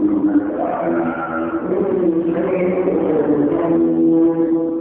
إنك على كل شيء قدير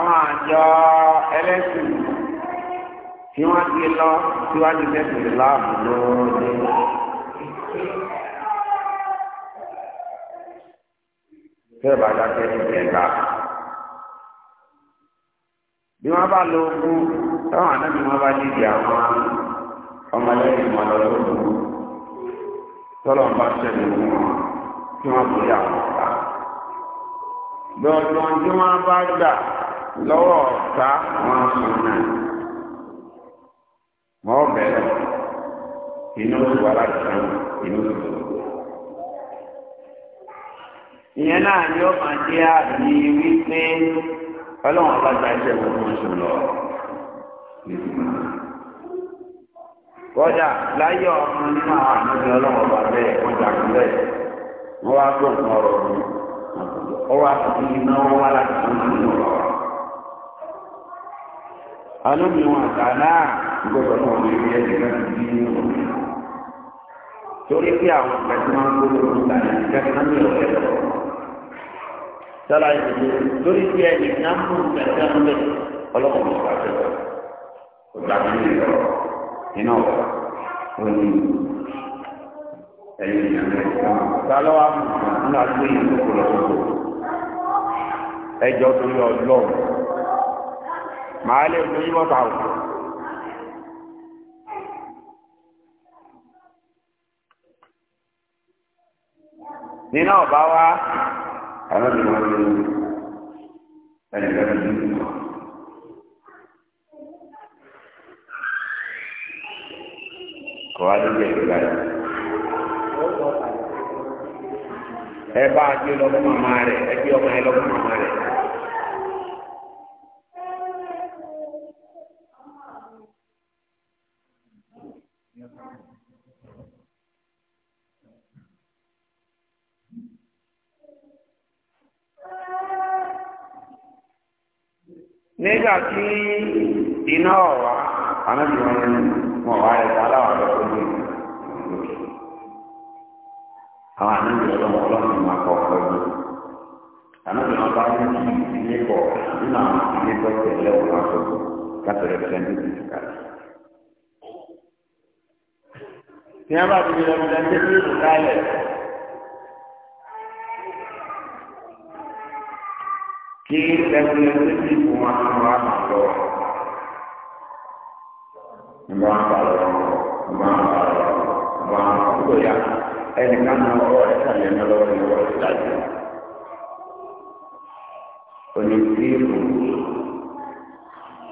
àwọn àjọ ẹlẹ́sìn tí wọ́n ti lọ síwájú tẹ̀sán láàbù lóde. tẹ́ bá dákẹ́ níbi ẹ̀ka. bí wọ́n bá lọ ogún táwọn anábì wọn bá dìde àwọn ọmọlẹ́yìn wọn lọ lọ́dún tọ́lọ̀ ń bá ṣẹlẹ̀ fún wọn kí wọ́n kó yà wọ́n pa. lọ́dún tí wọ́n bá gbà lọ́wọ́ ọ̀tá wọn sùn náà mọ́ bẹ̀rẹ̀ inú oṣù wa láti sàn inú oṣù tó ìyẹn náà ni ó máa jẹ́ àbí wípé ọlọ́run ọba gba iṣẹ́ gbogbo oṣù lọ kọjá láyé ọmọ nínú àwọn àmì ọlọ́run ọba bẹ́ẹ̀ wọ́n jà kú bẹ́ẹ̀ wọ́n wá gbọ́ nǹkan ọ̀rọ̀ ọ̀rọ̀ ọ̀rọ̀ àti ìnáwó wá láti sàn nínú ọ̀rọ̀ alómi wọn àtàlá gbọ́dọ̀ náà lè rí ẹsẹ̀ láti bí i wọn. torí pé àwọn àti máa ń gbọ́dọ̀ ló ta ní kẹta ní ọ̀rẹ́ lọ. sọlá ìdílé lórí pé ẹni náà mú kẹta ń bẹ ọlọ́run ló bá tẹ̀lé ọgbà tó lè lọ iná ọ̀rọ̀ ó ní ẹ̀yìn ìyàwó ẹ̀ka. sálọ́ wa mú un láti gbé ìlú kò lọ́wọ́ ẹjọ́ tó yọ ọlọ́run màá lè fi yí mọ́ta o. nínú ọba wa alábìnrin wọn ló ẹni lẹ́nu ní ìlú. kò wá lóye ìgbà yìí. ẹ bá a gbé lọ fún màmá rẹ ẹ gbé ọmọ yẹn lọ fún màmá rẹ. nígbà tí iná ọ̀wá anábìwọ̀n ní wọn wá ẹ̀dá aláwọ̀ rẹ̀ tó ní àwọn anábìwọ̀n lọ́wọ́ ọlọ́run máa kọ́ ọ̀pọ̀ ní anábìwọ̀n bá ní kí ilé kọ̀ nínú àwọn ilé tó tẹ̀lé ọ̀wá tó pẹ̀lú ìdíkàlẹ̀. tí wọ́n bá ti di lọ́wọ́ kí ẹgbẹ́ ẹgbẹ́ kò máa ń wá lọ. Ìgbà ń bà lọ, ìgbà ń bà lọ, ìgbà ń bà lọ. Ìgbà ẹnì kan náà ọwọ́ ẹ̀ kàlẹ́ ẹ̀mọ́ lọ́wọ́ ní ọwọ́ ìgbà jù. Òní sí ìlú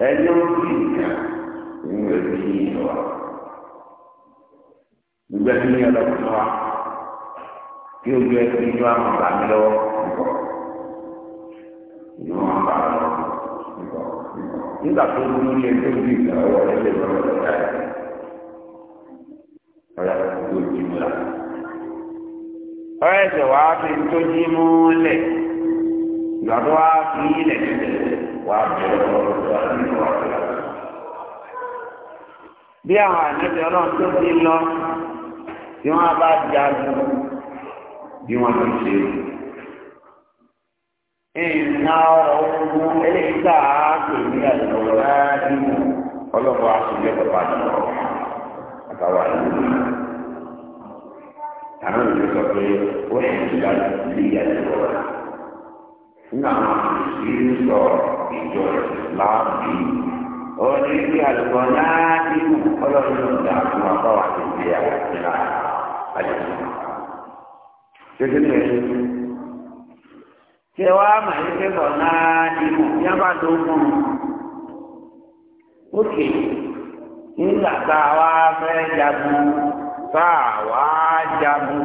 ẹni ó sì yàn nínú ẹbí yìí wá. tí ní ọlọ́pàá wa kí ojú ẹbí yìí wá mọ̀ bàmí lọ́wọ́ nǹkan. nígbà tó ń mú ilé tó bí ìgbà ọwọ́ rẹ̀ lè lọ́wọ́ lọ́wọ́ ọ̀rẹ́ tó jí mú la. ọ̀rẹ́ ẹ̀sẹ̀ wá fi tó jí mú lẹ̀ ìgbà tó wá fi ilẹ̀ wá bẹ̀rẹ̀ nínú bí àwọn ọlọ́run tó ti lọ tí wọ́n bá bí wọ́n ti ṣe é. ìnà ọ̀hún eléyìíká àgbègbè àlùkòrò nínú ọlọ́pàá aṣèlú ọ̀pá àjọ àtàwọn àlùkò. Àwọn ìlú sọ pé ó sì ti bá ilé àlùkòrò. Nínú àwọn ìlú sọ ìjọ láàbí onídìí àlùkò náà nínú ọlọ́run ìgbà fún ọkọ̀ àti ìgbéyàwó ìlà àjọ. Gẹ́gẹ́ bí ẹni tí ẹ wá mà ní pẹ́pọ̀ náà ìmọ̀ tí a bá tó fún un. ókè nígbà tá a wá fẹ́ jagun tá a wá jagun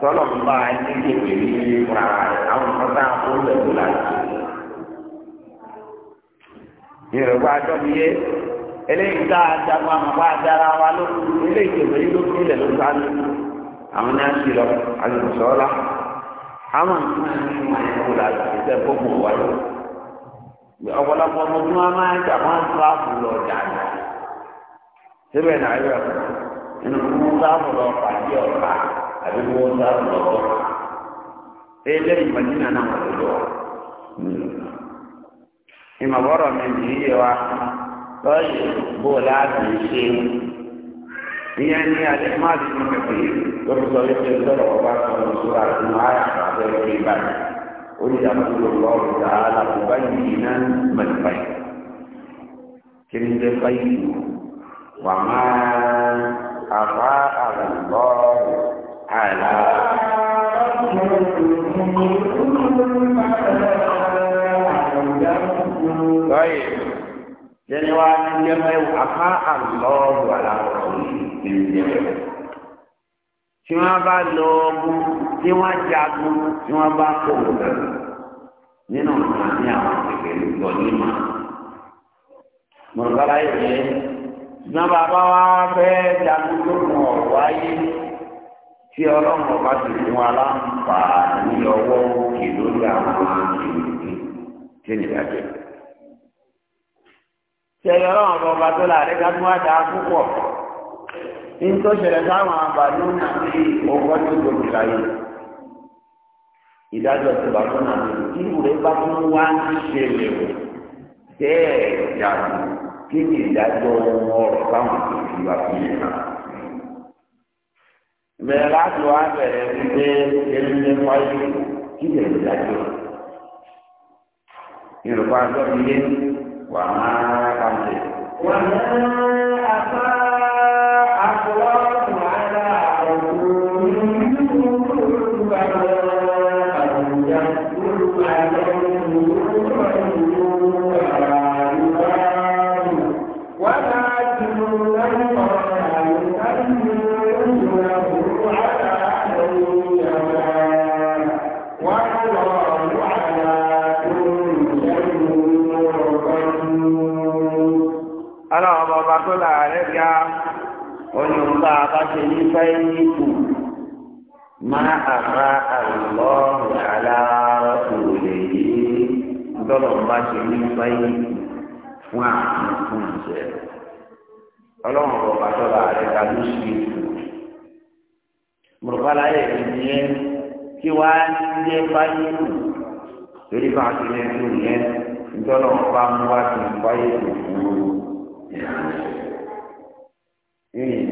tọ́lọ̀ ń bá ẹni kékeré ní ìfura àwọn ọ̀sán tá a kó lẹ́kọ̀ọ́ láti. yorùbá àjọ mi yé eléyìí tá a jagun àmọ́ bá a dára wa lókun eléyìí tòbẹ́yìn lókun ilẹ̀ ló sáré àwọn náà ń ṣe lọ àlùsọ́ọ́lá àwọn nǹkan ní wọn yẹn wò láti fi sẹ gbogbo wa lọ ọ̀pọ̀lọpọ̀ ọmọ tí wọn máa ń gbà wọn tó àpò lọ dáadáa síbẹ̀ náà yọ nínú wọn tó àpò lọ pàdé ọ̀pá àbí wọn tó àpò lọ bọ̀ eléyìí mọ̀jìnà náà wọ́n lọ ìmọ̀bọ̀rọ̀ mi ní iye wa lọ́yẹ̀ bó láti ṣe ìyẹn ní alẹ́ má ti tún pẹ̀pẹ̀ yìí lọ́dún sọ wípé sọ́dọ̀ ọba sọ̀rọ̀ sọ́dọ̀ àti máyà àbẹ́ ìgbé báyìí ó ní àbúrò lọ́rùn dáhàlà kò bá yìí náà mẹ́lẹ̀ báyìí kí ni jẹ́ báyìí wà máa àbá àbúrò àlà. Lọ́yìn, jẹ́ni wá ní jẹ́ mẹ́wàá àbá àbúrò àlà kò ní jẹ́ mẹ́wàá tí wọ́n bá lọ ọgbọ́n tí wọ́n jagun tí wọ́n bá kó bẹ̀rẹ̀ nínú ọ̀nà ní àwọn kékeré gbọ́ nímọ̀. mọ̀lùbára yìí yẹ ṣùgbọ́n bàbá wa fẹ́ jagun tó mọ̀ ọ̀rọ̀ ayé tí ọlọ́run ọba ti fún wa láǹfààní ọwọ́ òkè lórí àwọn ìrìnnì tí ènìyàn jẹ. ṣe ọlọ́run ọba tó láàrin ká tún wá dáa púpọ̀ in tó ṣẹlẹ̀ sáwọn àbàdún náà ní ọgbọ́n tó gbòmù láyé ìdájọ́ ti bàbá náà ní irú rẹ̀ bá tún wá ń ṣẹlẹ̀ o bẹ́ẹ̀ yàtọ̀ kí ni ìdájọ́ ohun ọ̀rọ̀ táwọn tó fi wá fún yẹn náà. bẹ́ẹ̀ láti wá bẹ̀rẹ̀ wípé ẹni wáyé kí ni ìdájọ́ yorùbá gbọ́ mi yé wàhálà kan tẹ̀. wàhálà àbá. trabajo خليفيت ما أفاء الله على رسوله ضرب خليفيت وعن كنزه ọlọ́run kò bá tọ́ba rẹ̀ ká ló ṣe é fún un. mùrùkálá yẹ ìyẹn kí wàá yẹ báyé lù torí bá a ti yẹ tó ntọ́nà ọba mú wá sí báyé lù fún un.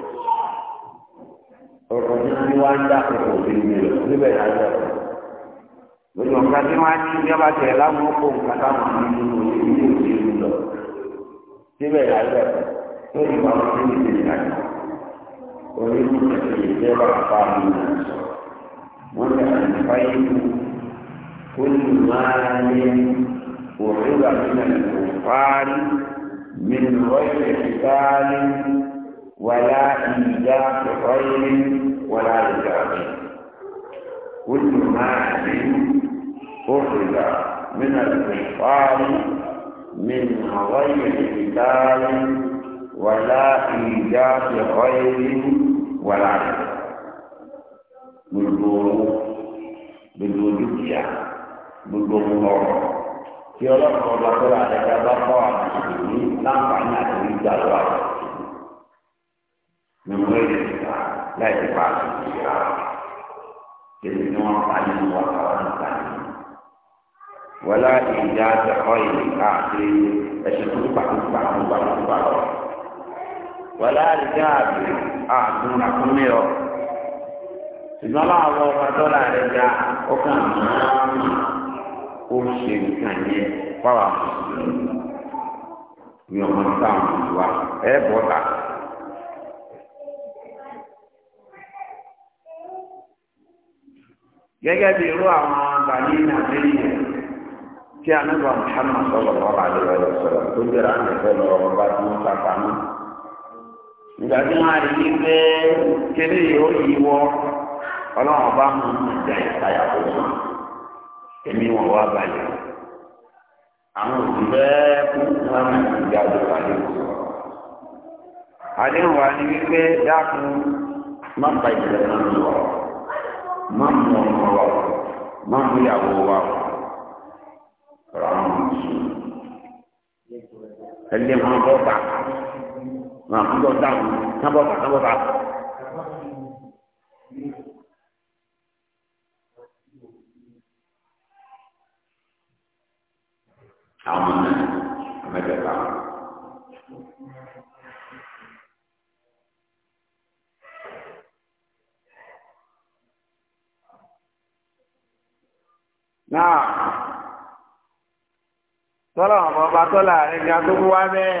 ọ̀rọ̀ ní wọ́n wá ń dá kòkò sí ibi rẹ̀ níbẹ̀ lájọ́ lórí ọ̀gá tí wọ́n á ní ìjọba tẹ̀ láwọn ọkọ̀ nǹkan táwọn ní nínú ìlú òṣèlú lọ síbẹ̀ lájọ́ lórí ìwà wọn sí ibi ìdájọ́ onílù ẹ̀sìn ìjọba àpá mi nà sọ wọ́n lè àyíká yìí kó ní máa ní òṣèlú àti nàìjíríà fárí mi nù ọ́ ìrẹsì fárí. ولا إيجاء خير ولا إيجاب كل مال أخرج من الكفار من غير قتال ولا إيجاب خير ولا بدون بدون دنيا بدون مرة tí ọlọ́run ọba tó rà lẹ́ka bá kọ́ àwọn ìṣèlú láǹfààní àti ìgbà wà. من غير الدفاع لا يدفع في الشرع لأن وطني وطن ولا إيجاد خير أعطي أشكر بعض بعض بعض بعض ولا رجال أعطونا كميرو إن الله وفضل رجاء وكان أرسل كان يفرح يوم القيامة ẹ bọ́ ta gẹ́gẹ́ bí irú àwọn bàbí nàìjíríà tí anábà Muhammad sọlọ lọ́wọ́ àdéhùn ẹ̀rọ sọ̀rọ̀ tó gbéra ní ẹ̀fẹ́ lọ́wọ́ bá tó ń kápá mú. ìgbà tí wọ́n á rí i pé kéde yóò yí wọ́ ọlọ́run bá mú ìjà ìpayà tó sùn èmi wọn wá balẹ̀. àwọn òbí bẹ́ẹ̀ kú wọn mú ìjà ìjọba àdéhùn sọ̀rọ̀. àdéhùn wa ni wípé dákun má pa ìjọba náà lọ má mú ọmọ wa o má mú ìyàwó wa o ọ̀rọ̀ àwọn mùsùlùmí ẹlẹ́ wọn bọ́ bá wọn kú lọ dáhùn nábọ̀ bá nábọ̀ bá. àwọn náà mẹ́tẹ̀ẹ̀ta wọn. náà tọ́lá àwọn ọba tọ́lá ẹ̀ka tó wá bẹ́ẹ̀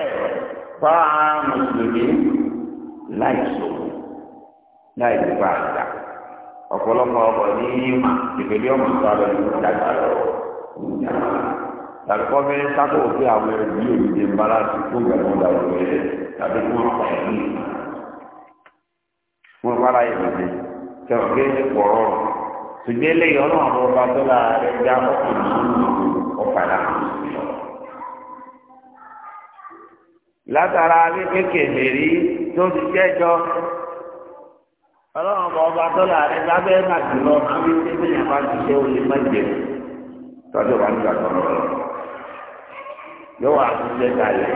fáwọn ará mùsùlùmí láì sòrò láì ọ̀pọ̀lọpọ̀ ọkọ̀ ní ìmà ìpèlè ọmọ ìsọ̀rọ̀ lọ fẹ́ sákò àwọn tàbí kí wọ́n pa ẹ̀mí ṣùgbọ́n eléyìí ọlọ́run àwọn ọba tó la rẹ̀ já ọkùnrin ọ̀pá náà. látara ní kékeré rí tó ti jẹ́jọ́ ọlọ́run ọba ọba tó la rẹ̀ lábẹ́ náà jùlọ àbí tẹ́lẹ̀ yẹn bá ti ṣe olè má jẹ tọ́jú wa nígbà tó lọ. yóò wá sí ṣe kalẹ̀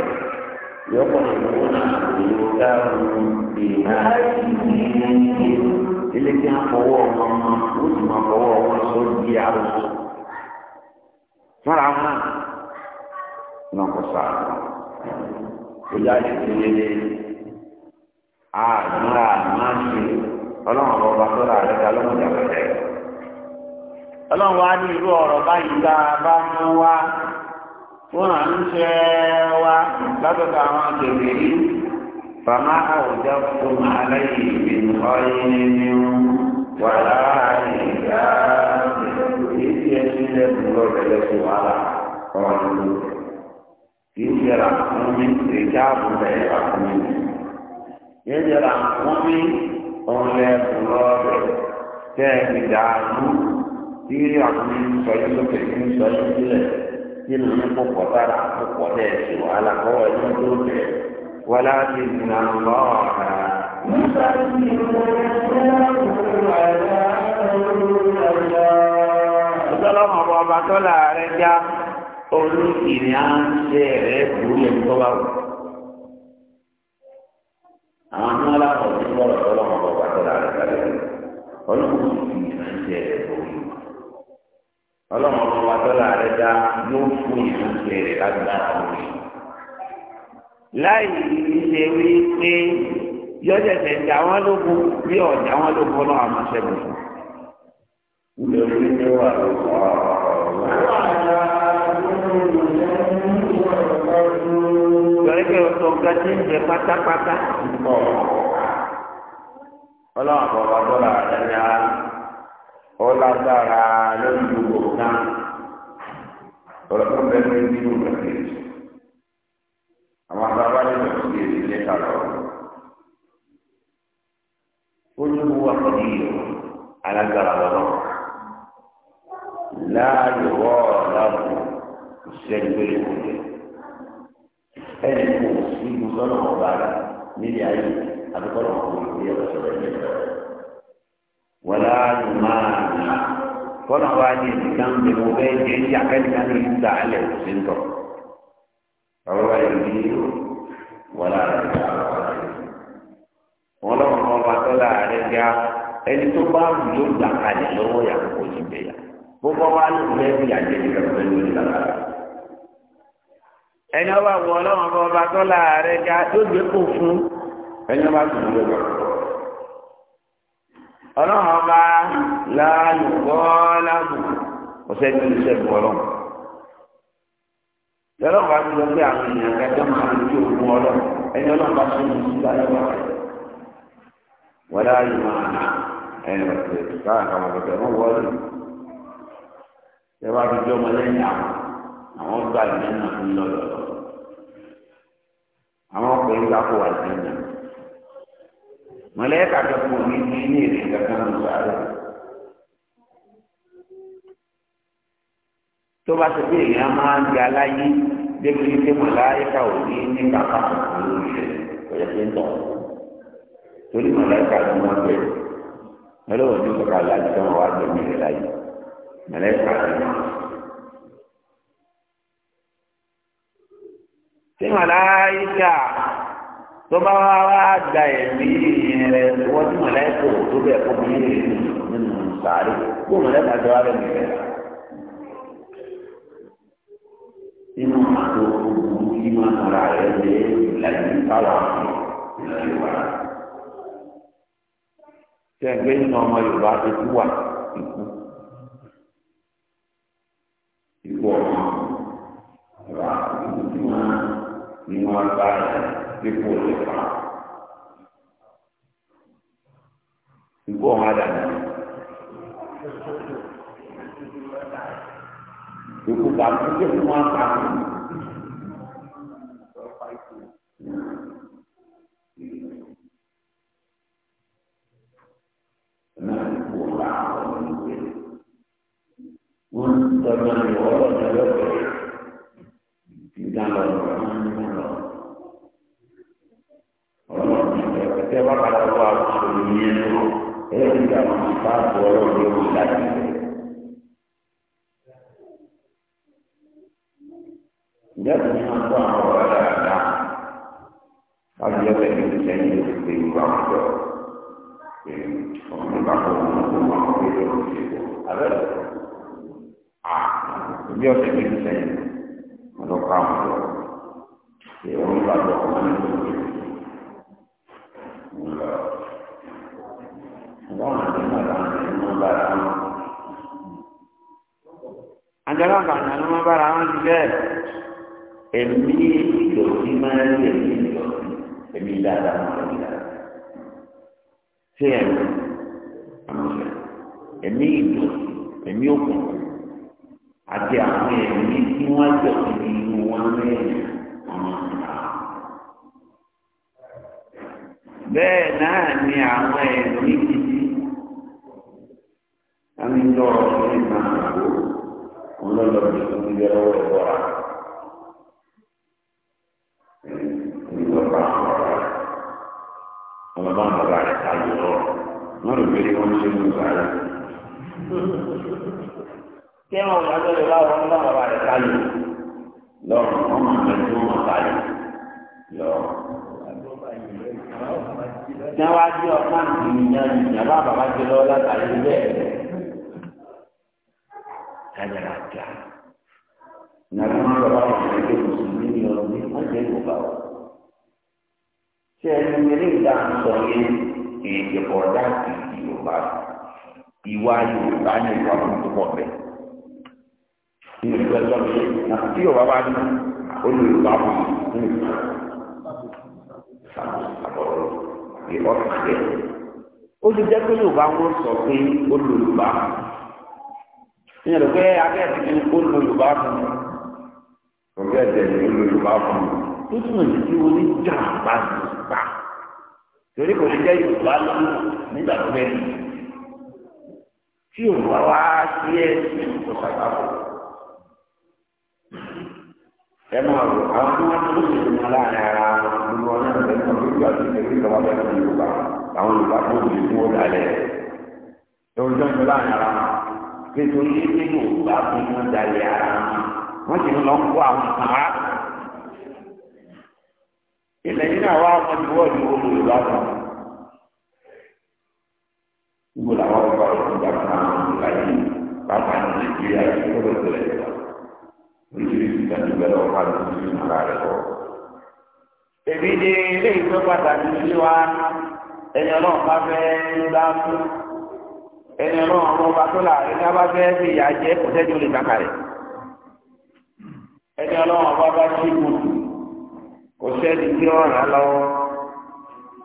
yóò kọ́ ìlú náà ìlú dáhùn ìhà ìhìn ìhìn. ilé kí wọn fọwọ́ wọn ma wọn sì sọ di àrùn fúnra wọn náà kò sáà a yá a àdúrà máa ń ṣe ọlọ́run ọba sọ́dọ̀ àrẹ́ta bá wọn فما أوجبتم عليه من خير ولا عجاب إذ يجد الرجل على قوله يجرى مؤمن رجاب غير مؤمن يجرى مؤمن أولاد الله تاج دعمه تيري عقلين سعيد وكريم سعيد كده كده نقوم بطارع وقوة على قوة يوم ولكن الله Ọlọ́mọ ọmọ ọba tó láàrẹ já olókìrí á ń ṣe rẹ̀ kúrú lè tó bá wù. Àwọn ọmọ aláwọ̀ tó lọ́rọ̀ tó lọ́mọ ọba tó láàrẹ kálẹ̀ rẹ̀. Ọlọ́mọ olókìrí á ń ṣe rẹ̀ kúrú. Ọlọ́mọ ọba tó láàrẹ já yóò fún ìrìnàṣẹ́ rẹ̀ lágbára lórí láì ṣe wí pé yọ́jẹ̀sẹ̀ jà wọ́n lógun bí ọ̀jà wọ́n lógun náà àmọ́ ṣẹ́gun fún. Nítorí pé wà ló wà Gbẹ̀rẹ́gbẹ̀ ọ̀tọ̀ ga ti ń bẹ pátápátá. Ọlọ́run bọ̀bá bọ́lá ẹ̀yà ó lágbára lórí gbogbo náà. Ọ̀rọ̀ tó bẹ̀rẹ̀ nínú ìgbà kejì. ó ní wọ́n wà pẹ̀lú ìlú alágbára lọ́wọ́ láàyò wọ́ láàbù ìṣẹ́jú lórí ìwòye ẹnì kò sí ibùsọ̀nà ọ̀gá rà nílé ayé àbíkọ́nà ọ̀gbìn ìwé ọ̀sọ̀rọ̀ ẹ̀jẹ̀ rẹ̀ wọ́n láàyò máa nà kọ́nà wa ní ìdíkan bí mo fẹ́ jẹ́ ìyàkẹ́ni ká ní ìdá alẹ́ òsèǹtọ̀. ya ẹni tó bá wù yóò gbà kalẹ̀ lọ́wọ́ ìyàwó kò ní bẹ̀ yà gbogbo wa ló fẹ́ bí àjẹ ẹni ọba ọba tó ga gbé kó fún ẹni ọba tó ọba láàyò ní bá ti lọ sí àwọn ènìyàn máa ń tó ولا يمانع ẹnu ìtura àwọn ọmọdé wọn wọlé ìjọba àti ìjọba lẹ́yìn àwọn àwọn gba ìjọba fún lọlọlọ àwọn ọkùnrin gba kó wà lẹ́yìn mọlẹ́ka tó kù ní ní ní èrè kankan ló sáré tó bá ti pé èèyàn torí mọ̀lẹ́kà tí wọ́n gbé mẹ́lẹ́wọ̀n ní sọ̀kà láti fẹ́ wọn wá gbẹ̀mí rẹ̀ láyé mọ̀lẹ́kà tí wọ́n. tí mọ̀láyíkà tó bá wá wá gba ẹ̀mí rẹ̀ wọ́n tí mọ̀lẹ́kà tó bẹ̀ kó bí rẹ̀ nínú sàárè kó mọ̀lẹ́kà tó wá rẹ̀ nìyẹn. inú àtòkù ìmọ̀ ara rẹ̀ lé ìlànà ìbára ìlànà ìbára tẹ̀gbẹ́ nínú ọmọ yorùbá ikú wà ikú ikú ọmọ ra ikú tí wọ́n ní wọ́n ikú lè fa ikú ọmọ àdàlù ikú bàtú tí wọ́n bá kú. wọ́n tọ́jú àwọn ọ̀rọ̀ ọ̀dọ́ lọ́kọ̀ọ́ ìdá lọ ìdá lọ ọ̀rọ̀ ìtẹ́ bá padà wọ àwọn olùyẹn lọ ẹ̀rọ ìdá wọn ti bá bọ̀ ọ̀rọ̀ ìdí owó láti rẹ̀. ìjọba ní wọn kó àwọn ọ̀rọ̀ dáadáa láti yọ bẹ́ẹ̀ ní sẹ́yìn ló ti gbé wọn jọ ọmọ ìgbà kan wọn kó wọn kó wọn kó wọn Ah, bí ọ̀sẹ̀ méjì sẹ́yìn ọ̀dọ́ ká wọn lọ èrò ń gbàgbọ́ ọmọ nínú ìlú lọ. Àwọn àti náà làwọn ẹni máa ń bára wọn. Àjọlọ́ àgbàdo ni wọ́n bára wọn ti bẹ́ẹ̀. Èmi ìdọ̀tí máa ń lè ní ìdọ̀tí. Èmi dáadáa máa ń dáadáa. Ṣé ẹ̀mí? Àmọ́ ẹ̀mí ìdọ̀tí, ẹ̀mí òkùnkùn àti àwọn ẹ̀mí tí wọ́n jọ síbi inú wọn lẹ́yìn ọmọ ìta. bẹ́ẹ̀ náà ni àwọn ẹ̀mí títí láti ń lọ́rọ̀ sí ìgbà wọn lọ́dọ̀ bí wọ́n ti lọ́wọ́ ẹ̀rọ rà. Ọmọ bá ń bàbá rẹ̀ ká lọ́rọ̀. Wọ́n rò pé wọ́n ṣe ń gbà rẹ̀ kẹ́wọ̀n ìyàgbọ́ rẹ̀ bá wọn bá bàbá rẹ̀ kálù lọ́rùn wọn máa bẹ̀rẹ̀ tí wọ́n máa kálù lọ́rùn. Ìyá wa jẹ́ ọ̀pá nìyí ní ìyá bá bàbá jẹ lọ́wọ́ látàrí ilé ẹ̀ Kájára ká. Nàbí wọn lọ bá wọn ṣe pé Mùsùlùmí ni ọ̀rọ̀ ní wọ́n jẹ́ ìwọ̀n bá wọn. Ṣé ẹni eré ìdá ń sọ yẹn èdè ọ̀dà ìdí Yorùbá? Ìwà Yorùbá ni ìwà fún tó bẹ́ẹ̀ ní ìgbà ìgbà mi na tí yóò bá bá ní olùyọ̀bá bù ní ìgbà àbọ̀rọ̀ ní ọ̀sán yẹn. ó ti jẹ́ pé yorùbá wọn sọ pé olùyọ̀bá ìyẹn ló pé akẹ́kọ̀ọ́ ní olùyọ̀bá fún mi ọ̀gá ẹ̀jẹ̀ ní olùyọ̀bá fún mi tó túmọ̀ sí pé oníjàmbá ní ìgbà torí kò ní jẹ́ yorùbá lọ́nà nígbà tó bẹ́ẹ̀ tí yorùbá wá sí ẹ̀ ní ìgbà tó ẹ máa rò àwọn tí wọ́n tún lè fún aláàárín ara gbogbo ọ̀nà ìgbẹ́sọ̀ lójú àti ìgbẹ́sọ̀ ìjọba bẹ́ẹ̀ ní Yorùbá àwọn Yorùbá tó lè fún ó dalẹ̀ lóòjọ́ ìjọba láàárín ara nítorí pé Yorùbá fún wọn dalẹ̀ ara wọn sì ń lọ kó àwọn kan á. ilẹ̀ yìí náà wá wọn ti wọ́ọ̀dù olú Yorùbá kan gbogbo làwọn ọba ọ̀dọ́ ìjọba kan àwọn Yorùbá yìí pàápàá ní Nàìjíríà yìí ó lè tẹ̀lé ìjọba. nítorí tó bẹ̀rẹ̀ ọ̀pá ló ti fi ara rẹ̀ bọ̀. Èmi ni ilé ìgbé pàtàkì sí wa ẹni ọlọ́run bá fẹ́ gbá fún ẹni ọlọ́run ọba tó láàrin ká bá fẹ́ fi ìyá kò lè Ẹni ọlọ́run ọba bá kò sẹ́ni tí ó lọ́wọ́.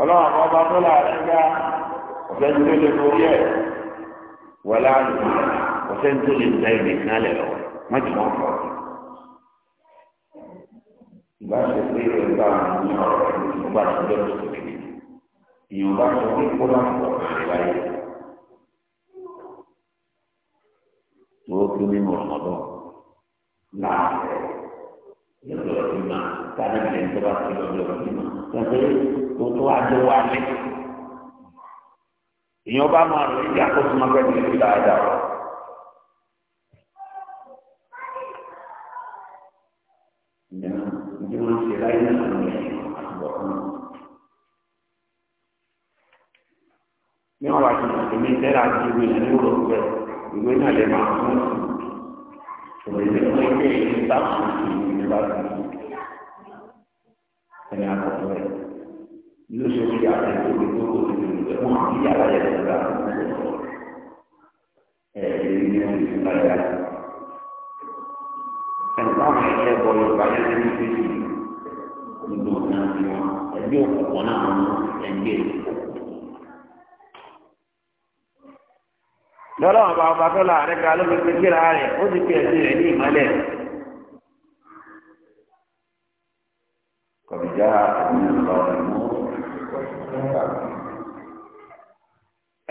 Ọlọ́run ọba tó láàrin ká kò sẹ́ni tó lè ẹ̀ wọlé àná kò sẹ́ni tó lè lọ́wọ́. ìgbà tó pé ẹgbà ní ọ̀rọ̀ ìgbà tó jẹ́ oṣù kìíní èèyàn bá sọ pé kó láti wọ̀ kàn láyé tó kí nínú ọ̀mọ́dọ́ láàárọ̀ ìlú ọ̀dún náà tàbí ìlú tó bá ti lọ́dún ọ̀dún náà tẹ̀sẹ̀ tó tó àjọ wa lé èèyàn bá máa rò ìyàkóso máa fẹ́ ní dáadáa. wọ́n ṣe láyé náà lọ sí àbọ̀kan. ní wọn bá ti mọ̀ tẹ́lá ti ìwé ní òrò pẹ̀ ìwé náà lè máa fún un òwe ní wọ́n ṣe èyí bá fún ní bá fún ẹni àkọ́kọ́ rẹ̀ ló ṣe fi àtẹ̀tò ìwé tó kò sí ìwé wọn àti yàrá yẹn lọ bá fún un ẹ̀ẹ́dẹ́gbẹ̀rún ní wọ́n ti bá yàrá. ẹ̀ka àwọn ẹ̀ṣẹ́ bọ̀ yorùbá yẹn ti fi fi gbogbo ọ̀nà tí wọn ẹgbẹ́ òkùnkùn náà wọn ẹgbẹ́ lọ́lọ́ àwọn ọba tó la àrẹ ká ló pé kíra rẹ̀ ó ti fi ẹ̀sìn rẹ̀ ní ìmọ́lẹ̀.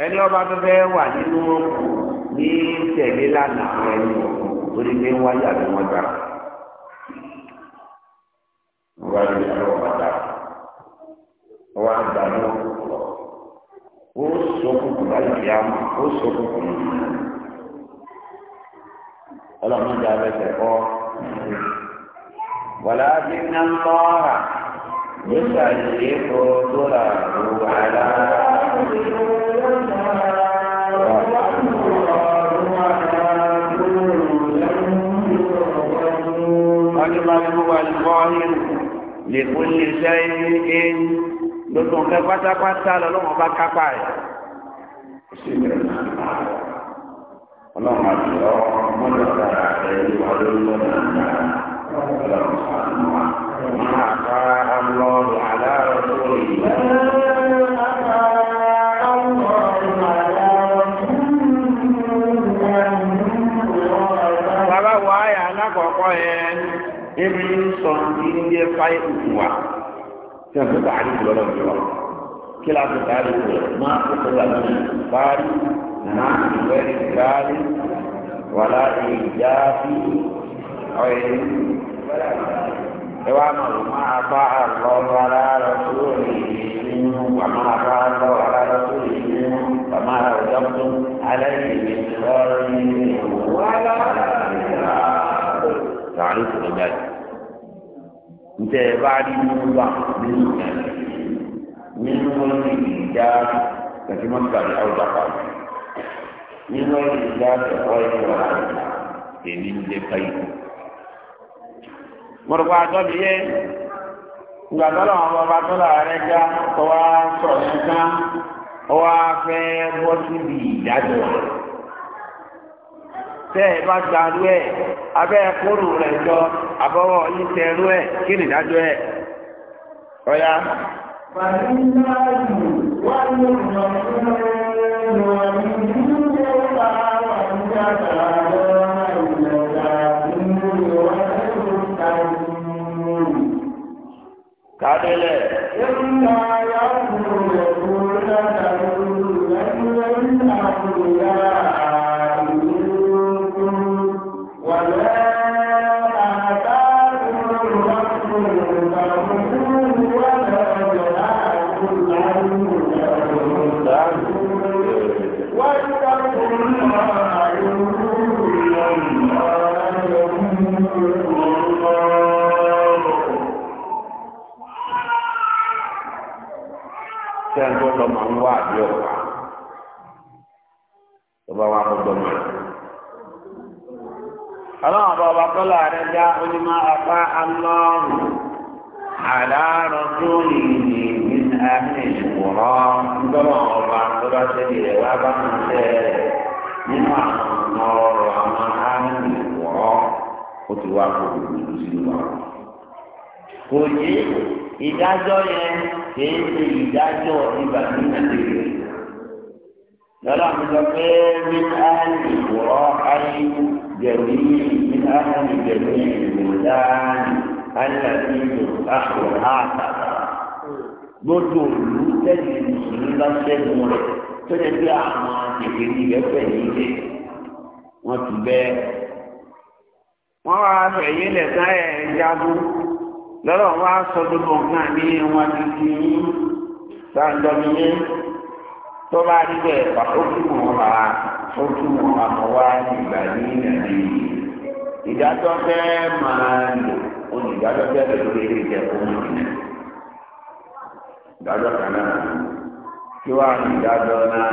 ẹni ọba tó fẹ́ wà nínú ní tẹ̀lé lánàá ẹni pé wáyà wọ́n wá lórí àwọn ọ̀dà wá gbà náà lọ ó sọ kúkú láti fi àmà ó sọ kúkú lórí ọlọ́mọdé abẹ́sẹ̀ kọ́ wàlá bí ná ń lọ́ ọ̀rà yóò ṣàlùyé kó tó rà ló wàlá. Ọdún máa ń mú wa lọ́ọ́ yẹn lè kó lè ṣe é ní gbogbo nǹkan pátápátá lọ́wọ́ bá kápá rẹ̀. ọlọ́run àti ọmọ náà rẹ̀ wà lórí lọ́nà náà fáyé fún wa tí wọ́n fi bàálù jù lọ́dọ̀ jù lọ kí la fi bàálù jù lọ máa fi kó la ní bàálù máa fi wẹ́rẹ́ bàálù wà láti ìjà fi ọ̀yẹ́ ẹ wá máa wò máa bá àlọ́ ara rẹ̀ tó lè nínú wà máa bá àlọ́ ara rẹ̀ tó lè nínú wà máa rẹ̀ dọ́kítọ́ alẹ́ ìlú lọ́rùn ní ìwọ̀n. تعريف العباده ntẹ bá rí nínú wa nínú ẹ nínú wọn ní ìjà kẹsí wọn kàrí àwùjọ pàdé nínú ìjà ẹ̀kọ́ ẹ̀kọ́ àwùjọ èmi ń jẹ báyìí. mo rò pé àjọ mi yẹ ìgbà tọ́lọ̀ àwọn ọba tọ́lọ̀ rẹ já ọwọ́ sọ̀rọ̀ nǹkan ọwọ́ afẹ́ bọ́ síbi ìdájọ́ rẹ̀ tẹ́ ẹ bá gbarú ẹ̀ abẹ́ kóró rẹ̀ jọ àbọ̀wọ̀ yín tẹ̀rú ẹ̀ kí ni ìdájọ́ ẹ̀ ọ̀yá. Kádélẹ̀. Ìgbà yàrá ìgbòho ẹ̀kọ́ lọ́dà lórí ẹ̀kọ́ lọ́dà sẹ́ńtò lọ́mọ ń wá àbí ọ̀pá tó bá wà gbogbo mọ́. ọlọ́run bá ọba kọ́lá rẹ̀ já onímọ̀ apá alọ́run àdáàrọ̀ tó yìí ní àmì ọba tó bá wá bá tẹ́ nínú àwọn ọ̀rọ̀ àmì ó ti wá gbogbo ìlú wa. kìí ṣe ìdájọ́ ìgbà ní nàìjíríà lọ́la mi sọ pé ní áyì wọ́ áyì jẹ̀bi ní áyì jẹ̀bi ìmọ̀dáàni áyàtí ìlú àkùrọ̀ àtàtà gbọ́dọ̀ òlù tẹ́lẹ̀ mùsùlùmí lọ́sẹ̀gùn rẹ̀ tó lè fi àwọn kékeré ìrẹ́pẹ̀ nílé wọ́n ti bẹ́ẹ̀ wọ́n wá fẹ̀yìn lẹ̀sán ẹ̀ jagun lọ́rọ̀ wá sọ gbogbo nǹkan ní wọn ti fi yín sáńdọ̀mí yẹn tó bá rí bẹ́ẹ̀ bá ó kí wọn bá ó kí wọn bá kọ́ wá ìgbà ní nàìjíríà ìdájọ́ fẹ́ẹ́ máa lò olùdájọ́ fẹ́ẹ́ lò lórí ilé ìjẹ́ òun nìyẹn ìdájọ́ kan náà kí wàá ní ìdájọ́ náà.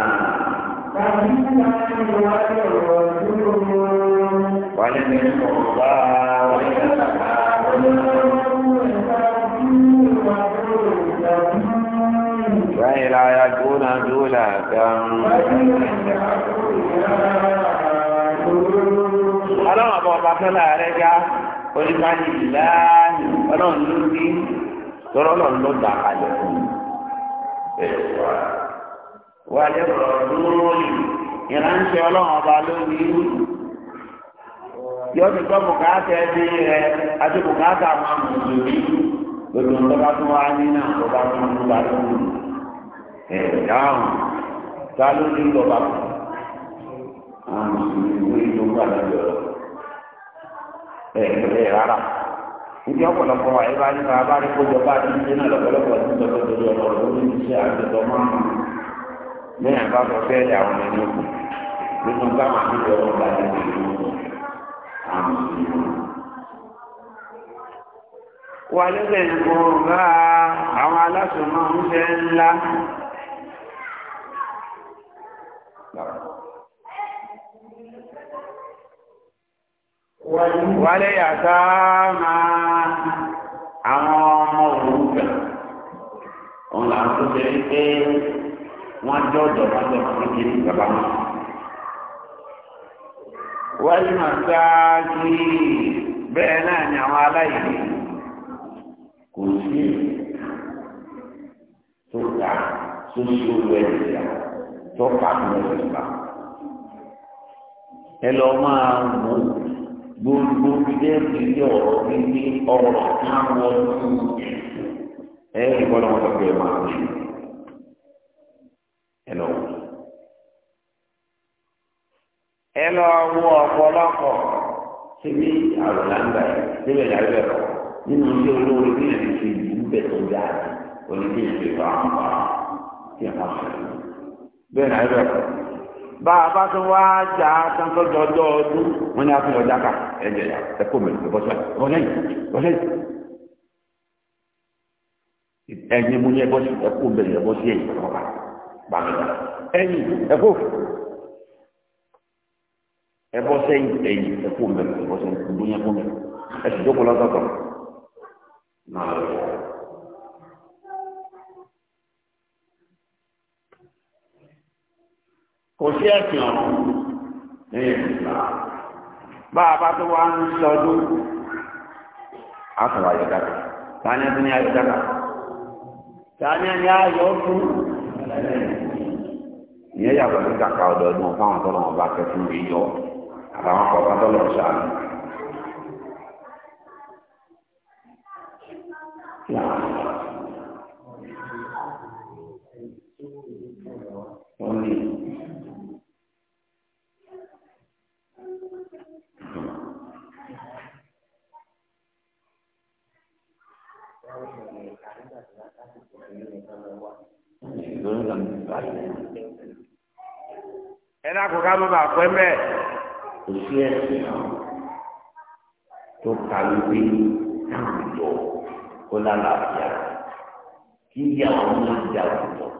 Wàlẹ́ ní ọ̀gá wàlẹ́ ní ọ̀gá. غير يكون دولة ọlọ́run àbọ̀ ọba tọ́lá rẹ̀ já oníkàní láàyè ọlọ́run ló ní tọ́rọ́ ọlọ́run ló dà kalẹ̀ fún wa lè rọ̀ lórí ìránṣẹ́ ọlọ́run ọba lórí yóò ti gbọ́ bùkátà ẹbí rẹ̀ àti bùkátà àwọn mùsùlùmí gbogbo nǹkan bá tún wá ní náà tó bá lórí ẹ̀dáhùn ta ló ní lọ́ba kù àwọn mùsùlùmí ìwé ìjọba àlejò ẹ̀ẹ́dẹ̀ rárá níbi ọ̀pọ̀lọpọ̀ ẹ̀ bá nípa abárí kójọ bá ti ń dé náà lọ́pọ̀lọpọ̀ ti ń lọ́pọ̀ torí ọ̀rọ̀ lórí iṣẹ́ àgbẹ̀dọ̀ márùn-ún lẹ́yìn àbábọ̀ fẹ́ẹ̀lì àwọn ẹni òkú nínú báwọn àbíjọ ọ̀rọ̀ bá ti ń lọ́pọ̀ àwọn mùsùlùmí. wà lẹ́sẹ̀ ìgbọ̀n bá àwọn aláṣọ máa ń fẹ́ ńlá wálé yàtá máa àwọn ọmọ òrùka òun là ń tó ṣe wípé wọ́n jọ dọ̀bà dọ̀bà kékeré bàbá wọn. wálé màsáàkì bẹ́ẹ̀ náà ni àwọn aláìní kò sí tó ta tó ṣe tó pàtó lọ́sẹ̀ ìgbà ẹ lọ máa mú gbogbo ilé ìdílé ọ̀rọ̀ níbi ọ̀rọ̀ táwọn ọdún ẹ ìbọ̀lọ́ wọn tọ́jú ẹ máa ń ṣe ẹ lọ wọ. ẹ lọ wọ ọ̀pọ̀lọpọ̀ síbi àròláńgà síbẹ̀ lábẹ́ rẹ̀ nínú ilé olóore bí ẹ̀ ń ìlú bẹ̀ tó dáa onídìí ìṣèlú àwọn ọmọ tí ẹ̀ máa ṣe bẹ́ẹ̀ náà ẹ̀rọ ẹ̀kọ́ bá a bá tún wá jà tán tó dọdọ ọdún wọn ni a fi ọjà ká ẹjẹ yà ẹkọ mi lọ bọsọ ọlẹ yìí ọlẹ yìí ẹyin mo ní ẹbọ sí ẹkọ mi lọ bọsọ yìí ọba bá mi lọ ẹyin ẹkọ ẹbọ sẹ́yìn ẹyin ẹkọ mi lọ bọsọ yìí ẹdún yẹn fún mi ẹsùn tó kọ lọsọtọ náà lọ. kò sí ẹ̀sìn ọ̀run ní ìgbà bá a bá tó wá ń sọdún a sọ̀rọ̀ ayọ̀dára tani ẹni ní ayọ̀dára tani ẹni ayọ̀ fún ìyẹn yàtọ̀ sí kàkà ọ̀dọ̀ọ̀dún fáwọn tọ́lọ̀ wọn bá kẹfún rí yọ àtàwọn kọ̀ọ̀kan tọ́lọ̀ ṣáà Yeah. ẹ dákun ká má bàa pẹ́ mẹ́. kò sí ẹsẹ̀ tó ka wípé káàdọ̀ kó lálàáfíà kí ìyàwó náà jà òkùtọ̀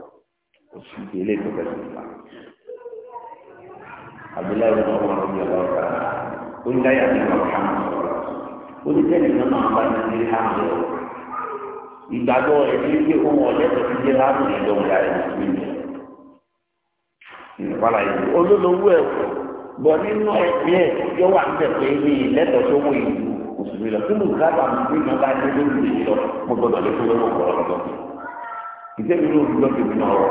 kò sí ilé tó fẹ́ sùn fà. Abdullahi bin Umar bin Abdul Rahman. Kun daya bin Muhammad. Kun daya bin Muhammad bin Abdul Rahman ìgbàgbọ́ ẹni pé ohun ọ̀lẹ́tọ̀ ti jẹ́ láàbù ìdọ̀wọ̀ yàrá ìlú ìpàlà yìí olólùwọ̀ ẹ̀ bọ̀ nínú ẹ̀pẹ́ ẹ̀ yóò wà níbẹ̀ pé ní ìlẹ́tọ̀ tó wọ ìlú òṣèlú lọ sínú ìgbàgbà mi bí wọn bá dé lórí ìlú lọ mo gbọdọ̀ lé fún lọ́wọ́ ọ̀rọ̀ lọ́dọ̀ ìdẹ́mi ló ń lọ́ tèmi náà rọ̀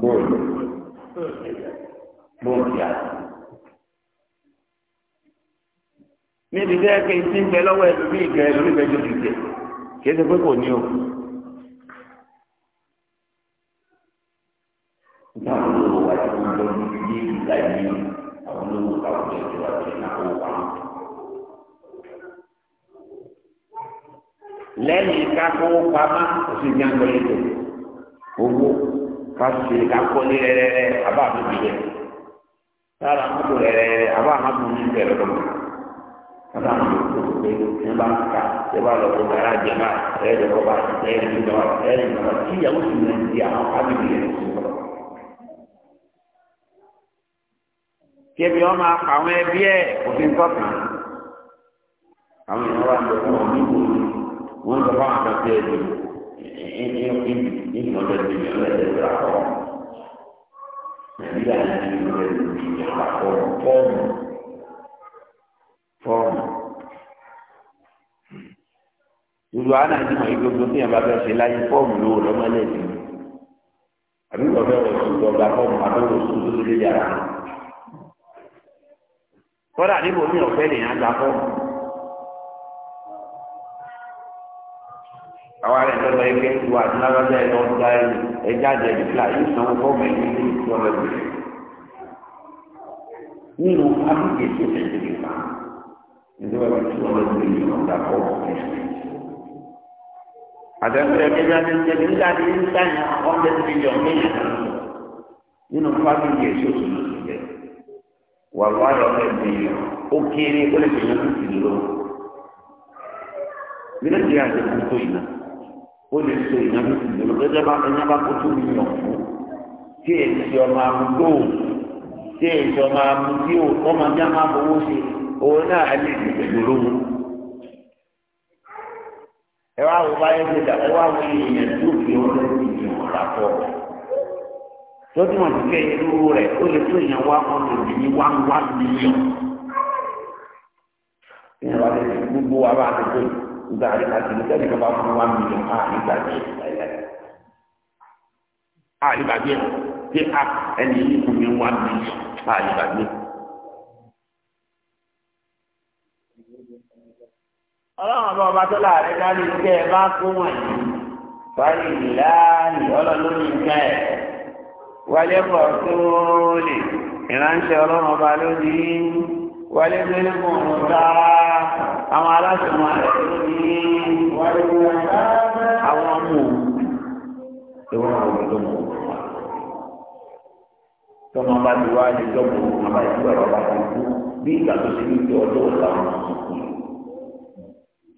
bọ́ọ̀lù bọ́ọ̀lù yàrá. níbi tẹ́ ẹ kéyìn tí ń bẹ lọ́wọ́ ẹlòmí ìgbẹ́ ẹlòmí ìgbẹ́ jòjì jẹ kìí ṣe pé kò ní o. nígbà tó ló wà tí wọ́n lọ ní ilé ìgbà yìí àwọn olówó káwọn jẹ ìjọba jẹ náà ó wà. lẹ́yìn kákówó pamá oṣù ní agbẹ́lẹ́ tó owó káṣe kákọ́lé rẹ́rẹ́rẹ́ àbá àbúrò rẹ̀ sára àbúrò rẹ̀ àbá àbúrò ní ìbẹ̀rẹ̀ bàbá mi ò tó pé ẹ bá ń ta ẹ bá lọ tó bàrà jẹ máa ẹ lè kọ́ bá ẹ lè lọ ẹ lè lọ kí ìyàwó sì lè di àwọn fábìlì rẹ sí i. kébi wọn máa pa àwọn ẹbí ẹ òfin kọkàn àwọn èèyàn wà lọ fún ọmọ ìbò wọn lọ fún àwọn àti ẹbí ìmọ̀ lẹ́nu ìyẹn lẹ́nu ìyẹn lọ́wọ́ nàìjíríà ní ìlú rẹ̀ lórí ìyẹn lọ́wọ́ fọ́ọ̀mù. fọ́ọ̀mù. Gbogbo àwọn àti ìmọ̀ gbogbo tí yẹn ṣe láyé fọ́ọ̀mù lówó i. Àbí wọ́n fẹ́ wọ̀ sùn lọ́gbà fọ́ọ̀mù abẹ́wò sùn tó lé yàrá. Kọ́dà níbo mi ò fẹ́ gba fọ́ọ̀mù. Àwọn ará ìjọba ẹgbẹ́ ti wà ní lábàjá ẹ̀ lọ́ọ́ gba ẹja jẹ fọ́ọ̀mù ẹ̀ ní ìlú ìjọba ẹ̀ nínú áfíríkì tó nítorí wọn ti wọn lọ sí ìlú ọ̀dà kọ́ àtẹ̀sẹ̀ ẹgbẹ́ àti ìjẹ̀bi nígbà tí ń sáyà ọ̀dẹ̀ ti yọ̀ mílíọ̀n nínú fábíyì èso tó lọ sí bẹ́ẹ̀ wà wáyọ̀ ọ̀dẹ̀ ti yọ̀ ó kéré ó lè tẹ̀lé ní ìlú lọ. bí lè jẹ́ àti ìlú tó ìná ó lè so ìná ní ìlú lọ gẹ́gẹ́ bá ẹni bá kó tó yọ̀ fún tí èsì ọmọ àmúgbò tí èsì ọmọ àmúgbò ọmọ bí a máa fowó ṣe. O náà lè di pẹ̀lú ẹ wá báyìí ṣe dà ẹ wá tó fi wọn lọ sí wọn ti kẹ́ rẹ̀ ó lè tó wá wọn wá gbogbo wa bá ti tó ìgbà àti àtìlú sẹ́ni kan bá fún wá mílíọ̀n á nígbà tí àyíbàgbé ṣé ẹni yìí kò ní wá mílíọ̀n ọlọ́run ọba ọba tó láàrin dárí iṣẹ́ ẹ bá kó wọ̀nyí wáyé ìlànà ọlọ́run ní ìṣẹ́ ẹ̀ wálé pọ̀ tó lè ìránṣẹ́ ọlọ́run ọba lónìí wálé pẹ̀lú mọ̀ ọ̀tá àwọn aláṣẹ wọn rẹ̀ lónìí wálé pẹ̀lú àwọn ọmọ ìwọ̀n àwọn tó mọ̀ tọ́mọ bá ti wá ní tọ́mọ bá ti kú bí ìgbà tó ti ní ìjọ ọdún ọ̀la wọn kú.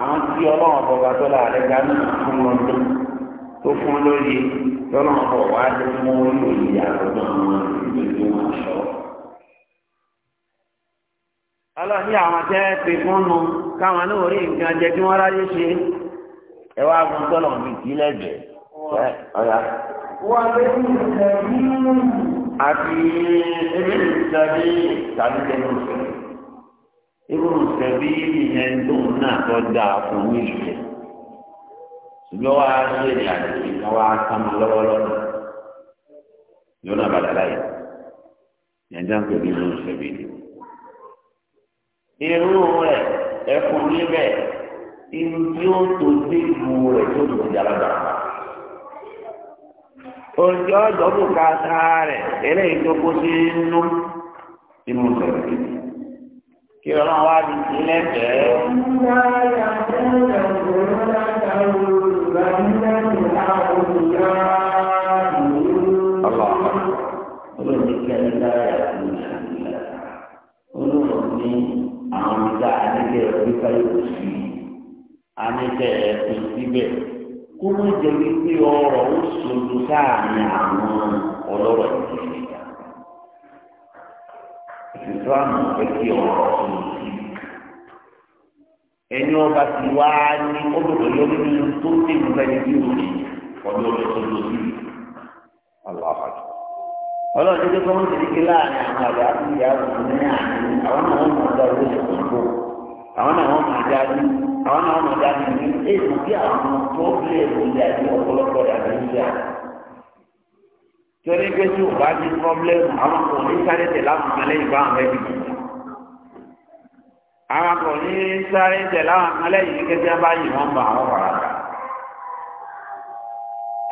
àwọn tí ọlọ́run bọ̀bá tó láàrin ga fún wọn tó fún lóye tọ́lọ́run wá tó mú lóye àlọ́dọ̀ wọn lójú wọn sọ. ọlọ́ni àwọn tẹ́ pé fún nu káwọn náà rí nǹkan jẹ kí wọ́n ṣe ẹ wá fún kí lẹ́gbẹ̀ẹ́ ọ̀yà. ní ìṣẹ̀lẹ̀ yìí. àti ebi ìṣẹ̀lẹ̀ tàbí e nǹkan bí ìyẹn tó ń náà a dáa fún mi jù ṣùgbọ́n wá ṣe ní àdìsí kan wá ká mi lọ́wọ́lọ́wọ́ yóò náà bàdà láyé ìyẹn já ń pè ní irú nǹkan bí irú rẹ̀ ẹkùn níbẹ̀ irú tí ó tó dé ìlú rẹ̀ tó tó ti yára dàgbà òjò kí ọlọ́run wá di sí lẹ́sẹ̀ẹ́. Àwọn ẹ̀sìn síbẹ̀. Kó mọ̀ jẹ́ wípé ọrọ̀ ó ṣojú sáàárín àwọn ọlọ́rọ̀ ìdílé islam fẹ́ kí ọ̀rọ̀ tó lò sí ẹni ọba ti wá ní ọdọdọ yọ nínú tó dé nípa ẹni tí o lè ọdọ rẹ tó lò sí aláha ọlọ́run tó dé kọ́ mọ́tò ní kí láàrin àwọn àgbà àti ìyá àgùntàn ní àárín àwọn náà wọ́n mọ̀ ọ́dọ̀ ló lè tó àwọn náà wọ́n mọ̀ ọ́dọ̀ àti àwọn náà wọ́n mọ̀ ọ́dọ̀ àti ìyá èyí tí àwọn tó bí èrò ìyá ìdí ọ̀pọ̀lọpọ̀ ìyá torí pé tí o bá ní pọ́blẹ́mù àwọn kò ní sáré tẹ̀ láwọn àmàlẹ́ yìí bá àwọn ẹbí bì. àwọn kò ní sáré tẹ̀ láwọn àmàlẹ́ yìí kẹ́kẹ́ bá yìí wọ́n bá àwọn fara dà.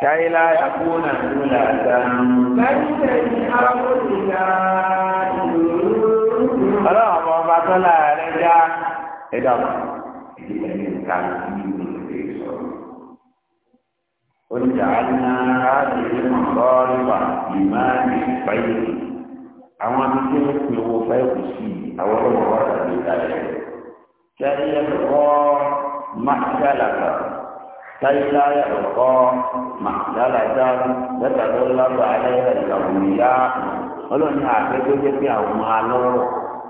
káyílá yàgò náà ló là dáa. ní arákùnrin náà ọlọ́run ọba tó láàárẹ̀ dá ẹ̀dá ìdílé ní ìta ìlú. وجعلنا هذه المصارف إيمان الفيض àwọn akéwì pé owó fáìlì sí àwọn ọlọ́mọ wa tàbí kalẹ̀ kẹ́lẹ́ ẹ̀kọ́ màdàlàkà kẹ́lẹ́ ẹ̀kọ́ màdàlàkà lẹ́tàdọ́lábà ẹ̀ẹ́dàgbòyà ọlọ́ni àfẹ́gbẹ́jẹ́ pé àwọn alọ́rọ̀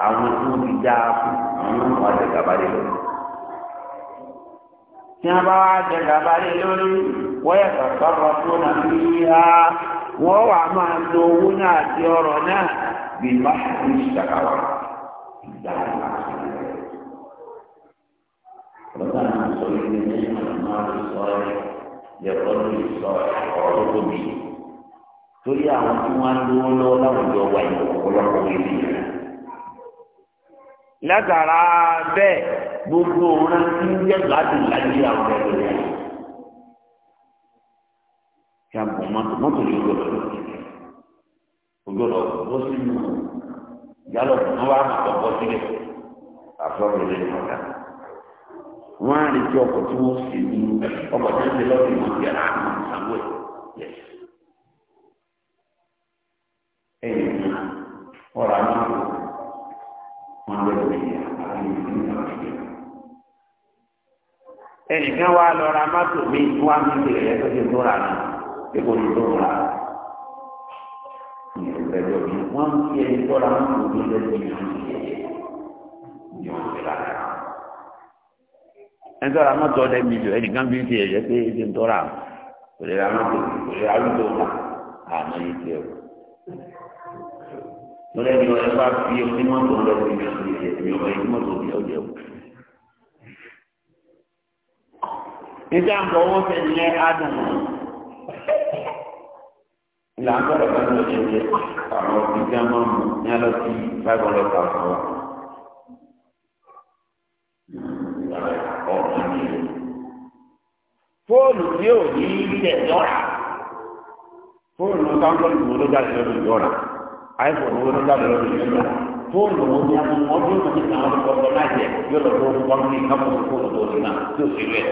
àwọn tó ń fi dáa fún àwọn ọ̀dẹ̀gàbálẹ̀ lọ́wọ́ tí wọ́n bá wá jẹ gàba lé lórí wọ́n yẹ kọ̀ọ̀kọ́ rọ̀ tó nà ní ìhà wọ́n wà máa lo owó náà àti ọ̀rọ̀ náà bí má ní ìṣàkàwà ìdáhùn àti náà sọ ilé ní ìmọ̀ ìsọ̀ rẹ̀ yẹ kọ́lù ìsọ̀ ọ̀rọ̀ tóbi. Torí àwọn tí wọ́n á lówó lọ́wọ́ láwùjọ wa ìlú ọ̀pọ̀lọpọ̀ ìlú látara bẹ́ẹ̀ gbogbo òun ti ń jẹ́ gbádùn láyé àwọn ẹ̀rọ rẹ̀. kí a bọ̀ mọ́tò mọ́tò yìí gbọ́dọ̀ gbọ́dọ̀ bó sínú yálọ̀ wọn wá máa tọ̀ bọ́ sílẹ̀ àfọwọ́ ilé ìmọ̀ta. wọ́n á retí ọkọ̀ tí wọ́n sì ní ọkọ̀ tí wọ́n ti lọ́ọ̀dì wọn ti ara àwọn ìsanwó ẹ̀. ẹ̀yìn ọ̀rọ̀ àwọn àgbò hundred ẹnìkan wá lọ ra mọ́tò mi wá mi bèrè ẹ̀ tó tó ra náà pé kò ní tó ra ní ìrẹ̀lẹ̀ mi wọ́n ń fi ẹni tó ra mọ́tò mi lẹ́nu ìlú yóò ṣe lára. ẹni tó ra mọ́tò ọ̀dẹ́ mi jù ẹnìkan bí ń fi ẹ̀yẹ pé ẹni tó ra kò lè ra mọ́tò kò lè ra mọ́tò ra àmọ́ yìí tiẹ̀ o lórí ẹni ọ̀rẹ́ bá fi omi mọ́tò lọ sí ibi ọ̀sẹ̀ ìyẹn èmi ọ̀rẹ́ ìdí mọ́tò bí ọ̀jẹ̀ o. níta ń bọ̀ wọ́n fẹ́ lẹ́ ádùn ìlà ń sọ̀rọ̀ kan lọ́jọ́ ìjẹ́ àwọn ọ̀sìn tí a ní alọ́ sí five hundred thousand wa. fóònù tí ò ní tẹ̀ yọ̀rà fóònù tó ń bọ̀ lùmọ́ ló jáde lọ́dún yọ̀rà iphone owó nígbà tó lọ́dún yìí lọ fóònù owó ní àwọn ọdún tó ní àwọn ọdún ọdún náà jẹ yóò lọ tó ń kọ́ni kápò fóònù tó ní náà tí ó sì rẹ̀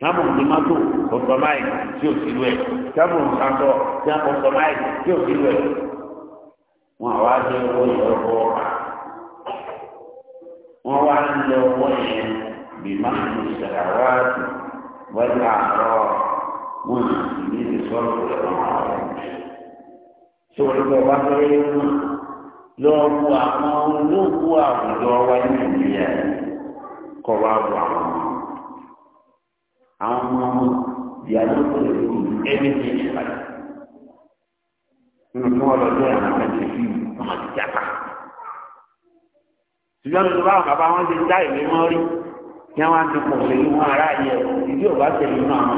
kápò tomato kọ̀tọ̀máì tí ó sì rẹ̀ kápò sàtọ̀ tí a kọ̀tọ̀máì tí ó sì rẹ̀ wọn àwa jẹ owó ìlọ́kọ̀ wọn wá ń lọ owó yẹn bí máa ń ṣẹlẹ̀ wá wọ́n ti àárọ̀ wọn sì ní ìsọ̀rọ̀ sọ̀rọ̀ bọ̀ wá fẹ́ mú lọ́ọ́ bu àwọn olóògbé àwùjọ wa nàìjíríà kọ̀ wá bu àwọn ọmọ àwọn ọmọ ọmọ ẹni tí nínú wọ́n lọ fi ọmọ ti ṣùgbọ́n bàbá wọn ti dá ìwé mọ́ rí kí wọ́n á ti pọ̀ pẹ̀lú wọn ìdí tẹ̀lé inú àwọn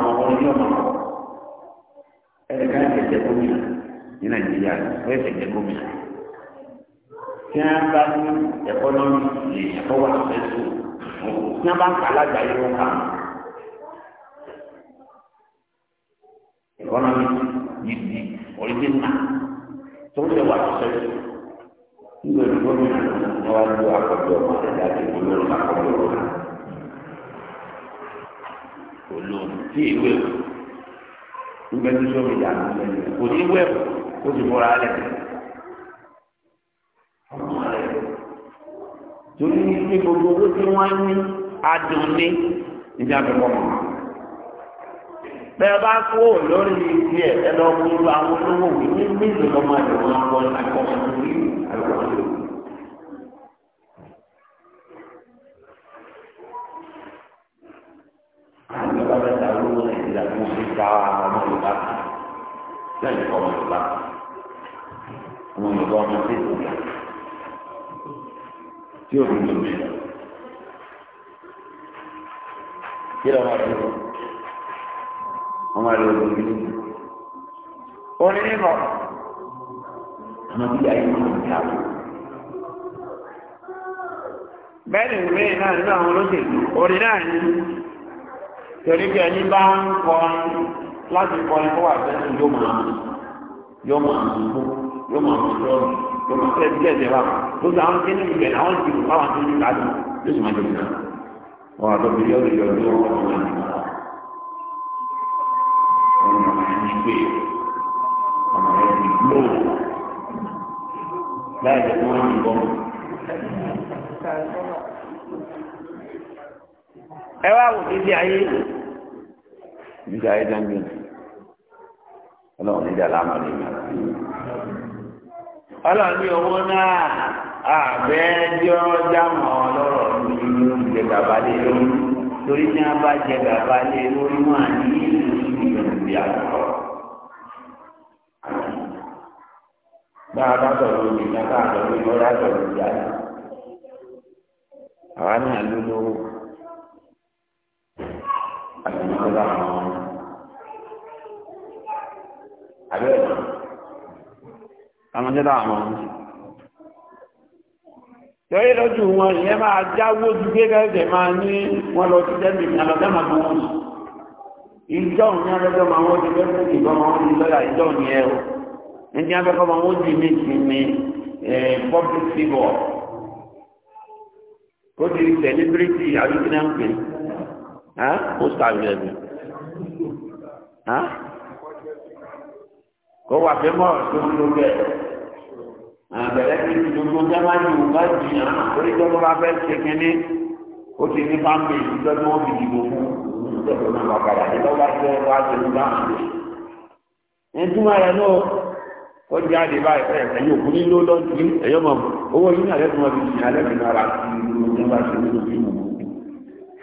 ọmọ ní nàìjíríà wọ́n ẹ̀sẹ̀ jẹ́ gómìnà tí wọ́n bá ní ẹ̀kọ́nọ́mì lè ẹ̀kọ́ wà lẹ́sùn tí wọ́n bá ń kà lágbàáyé wọn kà ẹ̀kọ́nọ́mì yìí ọ̀rídìnnà tó ń wà lẹ́sùn nígbà tí gómìnà wọn wá lọ akọ̀dọ̀ ọmọ rẹ̀ láti olóòrùn akọ̀dọ̀ ọmọ olóòrùn tí ìwé o nígbà tí sọ́mi dànù lẹ́yìn kò ní wẹ̀wọ̀ ó ti múra lẹ̀ torí ní gbogbo owó tí wọ́n ní adùn ní ìjà àbẹ̀kọ́ mọ́ bẹ́ẹ̀ bá kó lórí ibi ẹ̀ ẹ lọ kó lu àwọn olówó mi ní mílíọ̀nù lọ́mọ àjọ wọn lọ àjọ wọn lórí àjọ wọn lórí. àwọn ìjọba bẹ́ẹ̀ ta olówó nàìjíríà tó ń fi ká ọmọ yorùbá ọmọ yorùbá àwọn ìbọn ọmọ tí kò gbà tí ò fi lò mí lọ. kí ló máa dúró ọmọ rẹ ò lóbi ní. ó ní nínú ọmọ bíi ayé máa ń ta bẹ́ẹ̀ ni ìwé náà nínú àwọn olóṣèlú orin náà ní torí bí ẹni bá ń kọrin láti kọrin tó wà fẹ́ẹ́ yóò máa yóò máa dúró yóò máa mú sọ̀rọ̀ yóò máa fẹ́ díẹ̀ díẹ̀ báwọn tó sọ àwọn kéde ìgbẹ́ làwọn ti kọ́ àwọn tó ní ká dùn yóò sì máa dùn wọn àtọ́ bí yóò yọ ọdún wọn wọn máa dùn wọn máa ní pé ọmọ rẹ ti gbó láì jẹ́ kí wọ́n yìnbọn. ẹ wá wò títí ayé nígbà ayé dáńgbé ọlọ́run nígbà láàmú ni ìgbà tí ọlọ́ọ̀ni owó náà àbẹ́jọ́ dámọ̀ ọlọ́rọ̀ nínú jẹ bàbá lé lórí torí ní abá jẹ bàbá lé lórí wọn ní ìlú àkọ́. bá a bá sọ̀rọ̀ òbí náà bá a sọ̀rọ̀ ọ̀rá sọ̀rọ̀ òbí àná. àwa náà ló lówó àti ìjọba àwọn ọmọ. àbẹ́rẹ́ náà àwọn jẹ́ láàmọ́ torí lójú wọn ìyẹn máa jáwó ju gẹ́gẹ́ máa ní wọn lọ sí jẹ́mì àlọ́jẹ́ máa bọ́ wọn ìjọ ní alẹ́jọ́ máa wọ́n ti lẹ́kùn ìgbọ́ máa wọ́n ti lọ́yà ìjọ ní ẹ o ní abẹ́kọ́ fẹ́ mọ́ ọ̀ṣun lórí ẹ̀ àbẹ̀rẹ̀ ti ti gbogbo jámánì ò bá jì hàn torí tó tó bá fẹ́ ṣe kínní ó ti ní fáńpé ìdíjọ́ tí wọ́n fi dìbò fún ìdíjọ́ náà wà padà ní lọ́wọ́ tó wá ṣe ní báwọn. ìtumọ̀ rẹ̀ náà ó jẹ́ àdé báyìí ẹ̀yìn òkú nílò lọ́dún ẹ̀yọ́ mọ̀ owó yìí náà lẹ́tùmọ̀ fi ṣì alẹ́ fi nára sí ìlú tó bá ṣe nínú fíìmù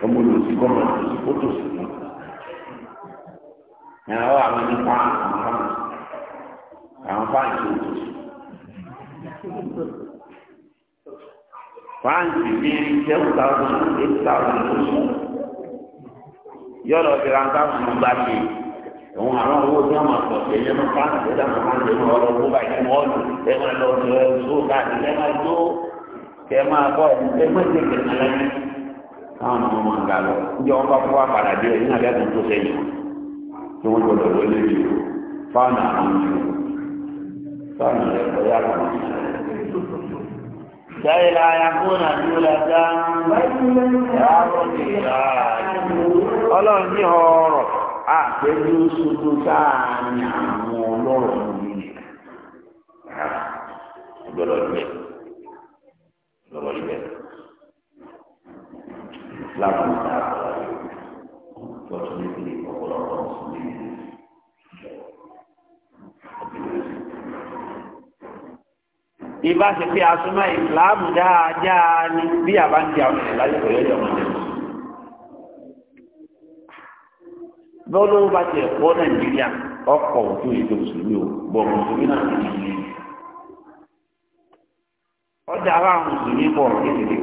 ọmọ olùsí gọ́ọ̀mọ̀ sí fótó sí i. ẹ̀rọ àwọn nípa àwọn fáànì àwọn fáànì tó fáǹtì bíi seven thousand eight thousand lóṣù yọ̀rọ̀ ti ra nǹkan fún gbà mí òun àwọn owó tí wọn máa sọ pé ẹyẹ máa fáǹtì tó dáná fáǹtì máa lọ owó báyìí fún ọ́ọ̀lù ẹ máa lọ sí ẹ sọ káàkiri ẹ máa tó kẹ máa bọ ẹ máa tẹ kẹ máa lẹ́yìn àwọn ọmọ máa ń ga lọ níjọ wọn bá fún wa padà dé ẹ ní abẹ́ àtúntò sẹ́yìn tí wọ́n gbọdọ̀ wọlé tọ́nà rẹ̀ kọjá kan. Jẹ́ ìlà ayakúnà ní ọlọ́dá ọlọ́run ní ọ̀rọ̀ àpẹjú ṣojú sáàárín àwọn ọlọ́rọ̀ ní ìgbọ́dọ̀ ibẹ̀. Lọ́wọ́ ibẹ̀. Láàbù ní àkọ́lá yìí, tọ́jú ní ìpínlẹ̀ ọ̀pọ̀lọpọ̀ ọ̀sùn ìbá ṣe pé asúnmọ́ ìsìláàmù dáadáa ni bí àbá ń di àwọn ènìyàn láyé pẹ̀lú ẹ̀jọ̀ wọn. bọ́lọ́wọ́ bá tiẹ̀ kọ́ nàìjíríà ọkọ̀ ojú èdè mùsùlùmí o bọ̀ mùsùlùmí náà ti di ilé. ọjà ara mùsùlùmí bọ̀ kékeré.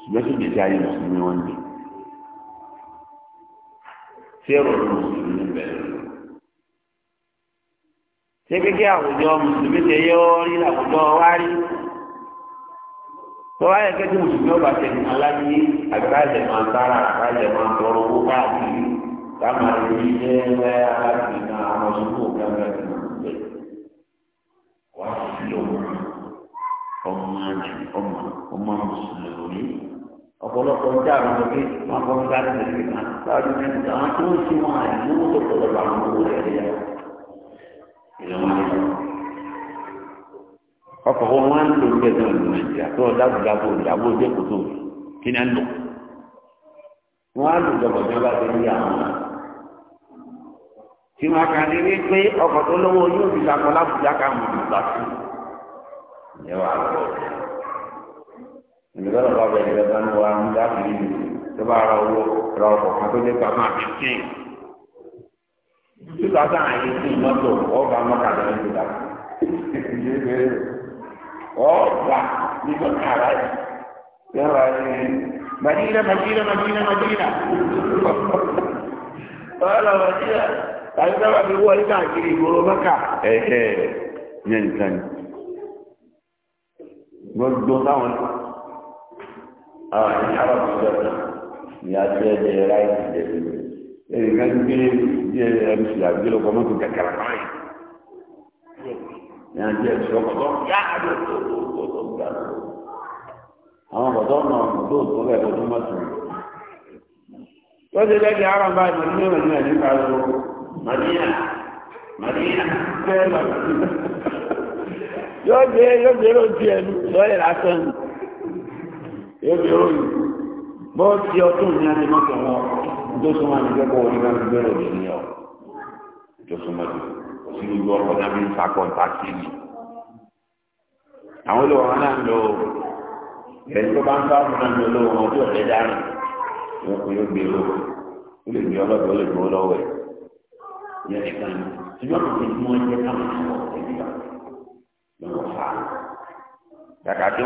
ṣùgbọ́n sí gbèsè ayé mùsùlùmí wọn ni. ṣé ìrọ̀lẹ́ mùsùlùmí bẹ̀rẹ̀ ṣé kékeré àwùjọ mùsùlùmí ṣe yọ rí àwùjọ wá rí tó wáyé kẹ́kẹ́ mùsùlùmí ọba tẹ̀lé aláyé àgbáyé máa sára àgbáyé máa tọrọ owó káàkiri káàmà lórí ilé ẹ aláàbí náà àwọn sùkúù káàkiri àti màgbé wá sí ọmọ ọmọ àti ọmọ ọmọ mùsùlùmí ọ̀pọ̀lọpọ̀ ń dá àwọn ọmọdé wọn kọ́ ń bá tẹ̀lé náà láti mẹ́ta àwọn tó ń ṣe wọn àìmọ́ ọkọ̀ wọn wá ń lò ní ẹ̀sìn ìlú nàìjíríà tó dábòdábò ìdábò ojú èkó tó kí ni a wọn á lò jọ̀bọ̀ àwọn tí wọn kà ní ọkọ̀ tó lówó yóò fi lábùjá ká ìyẹn wà lọ. bá ń dá sí tó bá ra owó ra ọkọ̀ kan tó two thousand and eighteen mọ́tò ọba mọ́kàlá ní ìgbà ọba nígbà kàrá yàrá yìí madina madina madina madina ọlọ madina tàbí sábà fi wọ ní káàkiri ìgboro mọ́kà. ẹ̀ẹ́ yẹn nìkan gbogbo táwọn àwọn ìyá àbàbọ̀ ìjọba ni a ti ẹ̀jẹ̀ ráìtì jẹ̀bi ẹnìkan ti gbé díẹ̀ mc àgbélò kọ́ mọ́tò kẹkẹrẹ náà yìí ní àjẹ ẹ̀sọ́ kọ́tọ́ yá àjọ tó tó tó tó gbà tó àwọn kọ́tọ́ náà tó tó bẹ́ẹ̀ tó tó mọ́tò wọ́n ti lẹ́kẹ̀ẹ́ aráàlú báyìí mọ̀ nínú ìrìnà nípa lọ màdíyà màdíyà bẹ́ẹ̀ lọ yóò gbé yóò gbé ló di ẹnu lọ́yẹ̀ lásán yóò gbé lóyún bó ti tó súnmọ́ ní pé kó o ní bá ti gbẹ́rọ̀ lé ní ọ tó súnmọ́ ju kò sí gbogbo ọkọ̀ náà bí ń fa kọ́ńtàkì ni. àwọn olówó wọn náà ń lo ẹni tó bá ń bá wọn náà ń lo olówó wọn tí ọ̀lẹ́ dáràn wọn kò yóò gbé lóko ó lè gbé ọlọ́dọ̀ ó lè gbó lọ́wọ́ ẹ̀ yẹn nìkan ni ṣùgbọ́n kò sí mọ́ ẹgbẹ́ káwọn àwọn ọ̀sẹ̀ nígbà lọ́wọ́ fa kàkà tí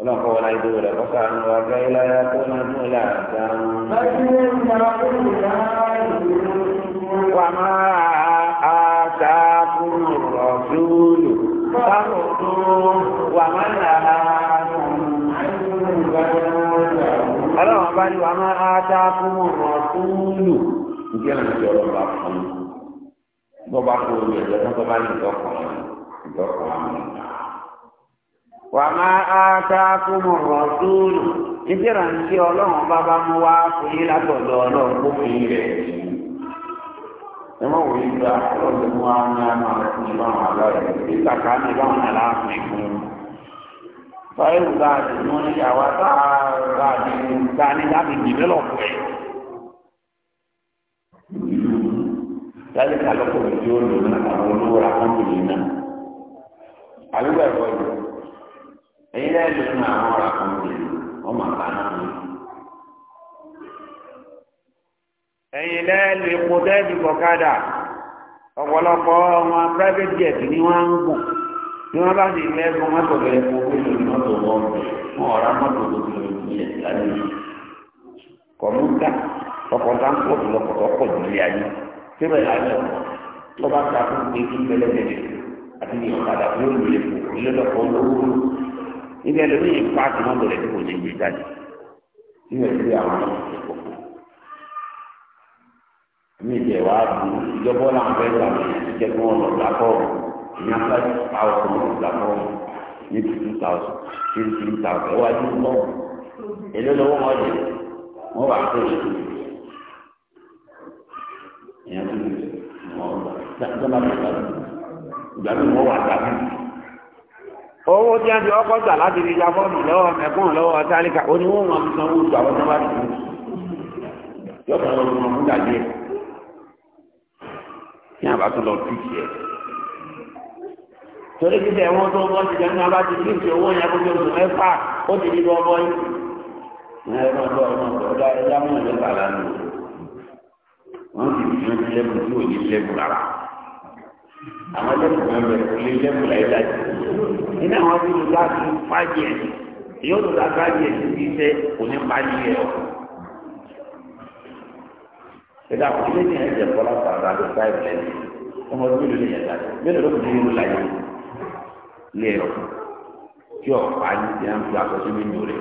ọlọ́run kọ́ wọn láyé dúró rẹ̀ kọ́sà ń wá gbé láyé tó máa dún ilé àgbà wọn. wà máa àtà fún rọ̀dúlù sáwọn tó wà máa ń là á. ọlọ́run bá ní wà máa àtà fún rọ̀dúlù. ǹjẹ́ àwọn ìjọ ọlọ́run bá fún un bọ́ bá kó o ní ẹ̀jẹ̀ tó bá ní ìjọ kan ìjọ ìgbà. wà máa áta kó mọ̀ nke tóòlù níbi ìrànṣẹ́ ọlọ́run bá mú wá fún yín látọ̀dọ̀ ọlọ́run kó fi rẹ̀ ẹ mọ̀ wòye gba ọlọ́run mú wá ní àná fún ìbá aláwọ̀ ní kàkà ní ti mú ìyàwó ìgbà ní láti ẹ̀. kàlọ́kọ̀ọ́ àwọn olówó ẹ̀yin náà lè fún àwọn ọ̀rọ̀ àkọ́kọ́ wọn máa bá náà lọ. ẹ̀yin náà lè kó dẹ́ẹ̀dì kọ̀kadà ọ̀pọ̀lọpọ̀ wọn private jet ni wọ́n ń gùn bí wọ́n bá ti mọ́tò bẹ̀rẹ̀ fún owó mọ́tò wọn ọ̀rá mọ́tò tó ti kọ̀mútà níbi ẹlòmíì ń pa àti nọ́mbà rẹ̀ tí kò ní gbé jáde nínú ẹgbẹ́ àwọn ọmọ mi jẹ wá bu ìjọba ọlá ń fẹ́ jẹ kí wọn lọ lakọ ìyá fẹẹ àwọn ọmọ lọ lakọ ní two thousand three three thousand ẹwà ní lọ èlé lọ́wọ́ wọn jẹ wọn bá tó yẹ ìyá tó yẹ wọn gbà tó bá tó yẹ ìgbà mi wọn wà dábì owó tí a ti ọkọ̀ gbà láti rí ya fọ́ọ̀mù lọ́wọ́ mẹ́kún lọ́wọ́ tálíkà ó ní wọ́n máa ìgbà wọn tó bá ti yóò fẹ́ lọ́wọ́ múdà díẹ̀ tí a bá tún lọ tú tiẹ̀ torí títẹ̀ wọn tó wọ́n ti jẹun náà ti ní ìṣòwò yẹn kó tó sùn mẹ́fà ó ti di bọ́ bọ́ yìí ẹ̀rọ ọ̀dọ́ ọ̀dọ́ ẹ̀dá mọ̀ lẹ́fà lánàá wọ́n ti fi àwọn lẹ́kùn kan bẹ̀rẹ̀ kò lè lẹ́kùn láyé láti nínú àwọn tí mo bá fi fájì ẹ̀ yóò lọ la fájì ẹ̀ síbi iṣẹ́ kò ní pálí ẹ̀ ọ́. ìdá kò ilé ní ẹ̀jẹ̀ bọ́lá sàrà ló bá ẹ̀ lẹ́nu ọmọ ọdún mélòó lè yẹ láti mélòó ló kù nínú láyé lé ẹ̀ ọ́ tí ọ̀ pa ní ti à ń fi aṣọ sí nínú rẹ̀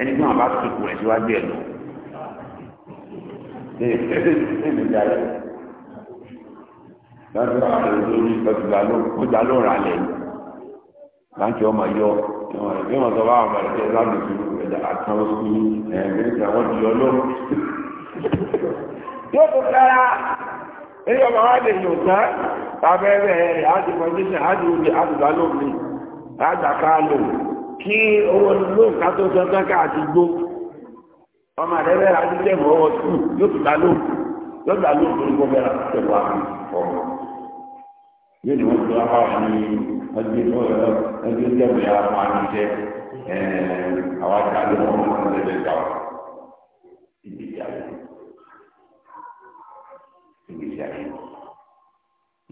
ẹni tí wọn bá tukù rẹ̀ síwájú ẹ̀ lọ. lọ́dún àwọn olórí ọjà ló rà lẹ́yìn láti ọmọ yọ bí wọ́n sọ báwọn ọmọ ẹ̀jẹ̀ lábùkù ẹ̀jẹ̀ àtàwọn sí ẹ̀ẹ́dẹ́ ìgbà wọ́n ti yọ yóò kára ọmọ wa lè tán àti àti oúnjẹ lómi lò kí owó ká tó sọ gbó ọmọ àti yóò tó ń gbọ́ bẹ́ẹ̀ tẹ̀wọ́ yóò ní wọn tó wá fáwọn ní ọdún tó ọdún tó ẹgbẹ́ àwọn máa ń jẹ àwọn àgbà ló wọn máa ń lẹbẹ gbà wọn ibi ìjà rẹ ibi ìjà rẹ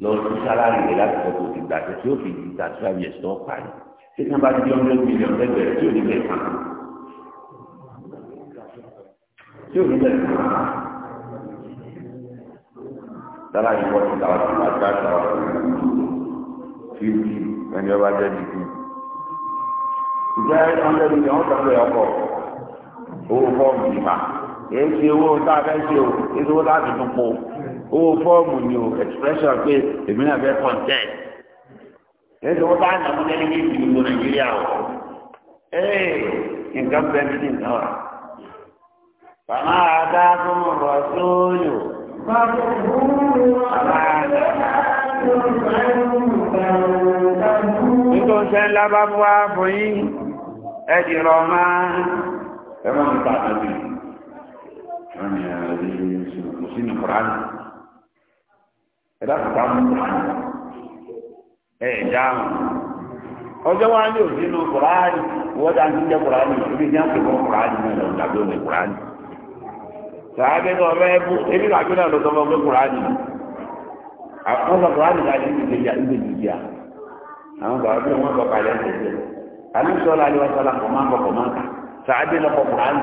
lọ sí sálárì rẹ láti sọ pé o tó tí ó fi di tàbí àbí ẹsẹ̀ ọpa rẹ ṣé kí wọn bá di hundred million lẹgbẹ tí ò ní bẹ́ẹ̀ fún un tí ò ní bẹ́ẹ̀ fún un dára yìí wọ́n ti tàwa sí wa dá tàwa sí wa fífi ẹni ọba jẹ́ dìbò. ìjẹ́ ọ̀nẹ́bí ni wọ́n sọ pé ọkọ̀ owó fọ́ọ̀mù yìí ma èyí ṣe owó tá a fẹ́ ṣe o èyí ṣe owó tá a fi tún po owó fọ́ọ̀mù ni o expression pé èmi náà fẹ́ kọ̀ǹtẹ́ èyí ṣe owó tá a nà mú lẹ́yìn ní ìdìbò nàìjíríà o ee nǹkan bẹ́ẹ̀ ní nǹkan wa. bàmá àdá tó ń sóòyò. Nítorí ṣe ńlá bá bú wá fún yí, ẹ̀dì rọ máa ń ní mú Ọjọ́ wá ní sàádé ní ọmọ ẹbú ebi náà gbé náà lọ́sọ̀mọ́ pé kùránì àkọsọ̀ kùránì láti ìdíje a ìdíje ìjà àwọn bàbá bí wọn bọ̀kà lẹ́yìn ìdíje àlùsọ̀ làlẹ́ wọn sọ̀lá kọ̀ kà sàádé kùránì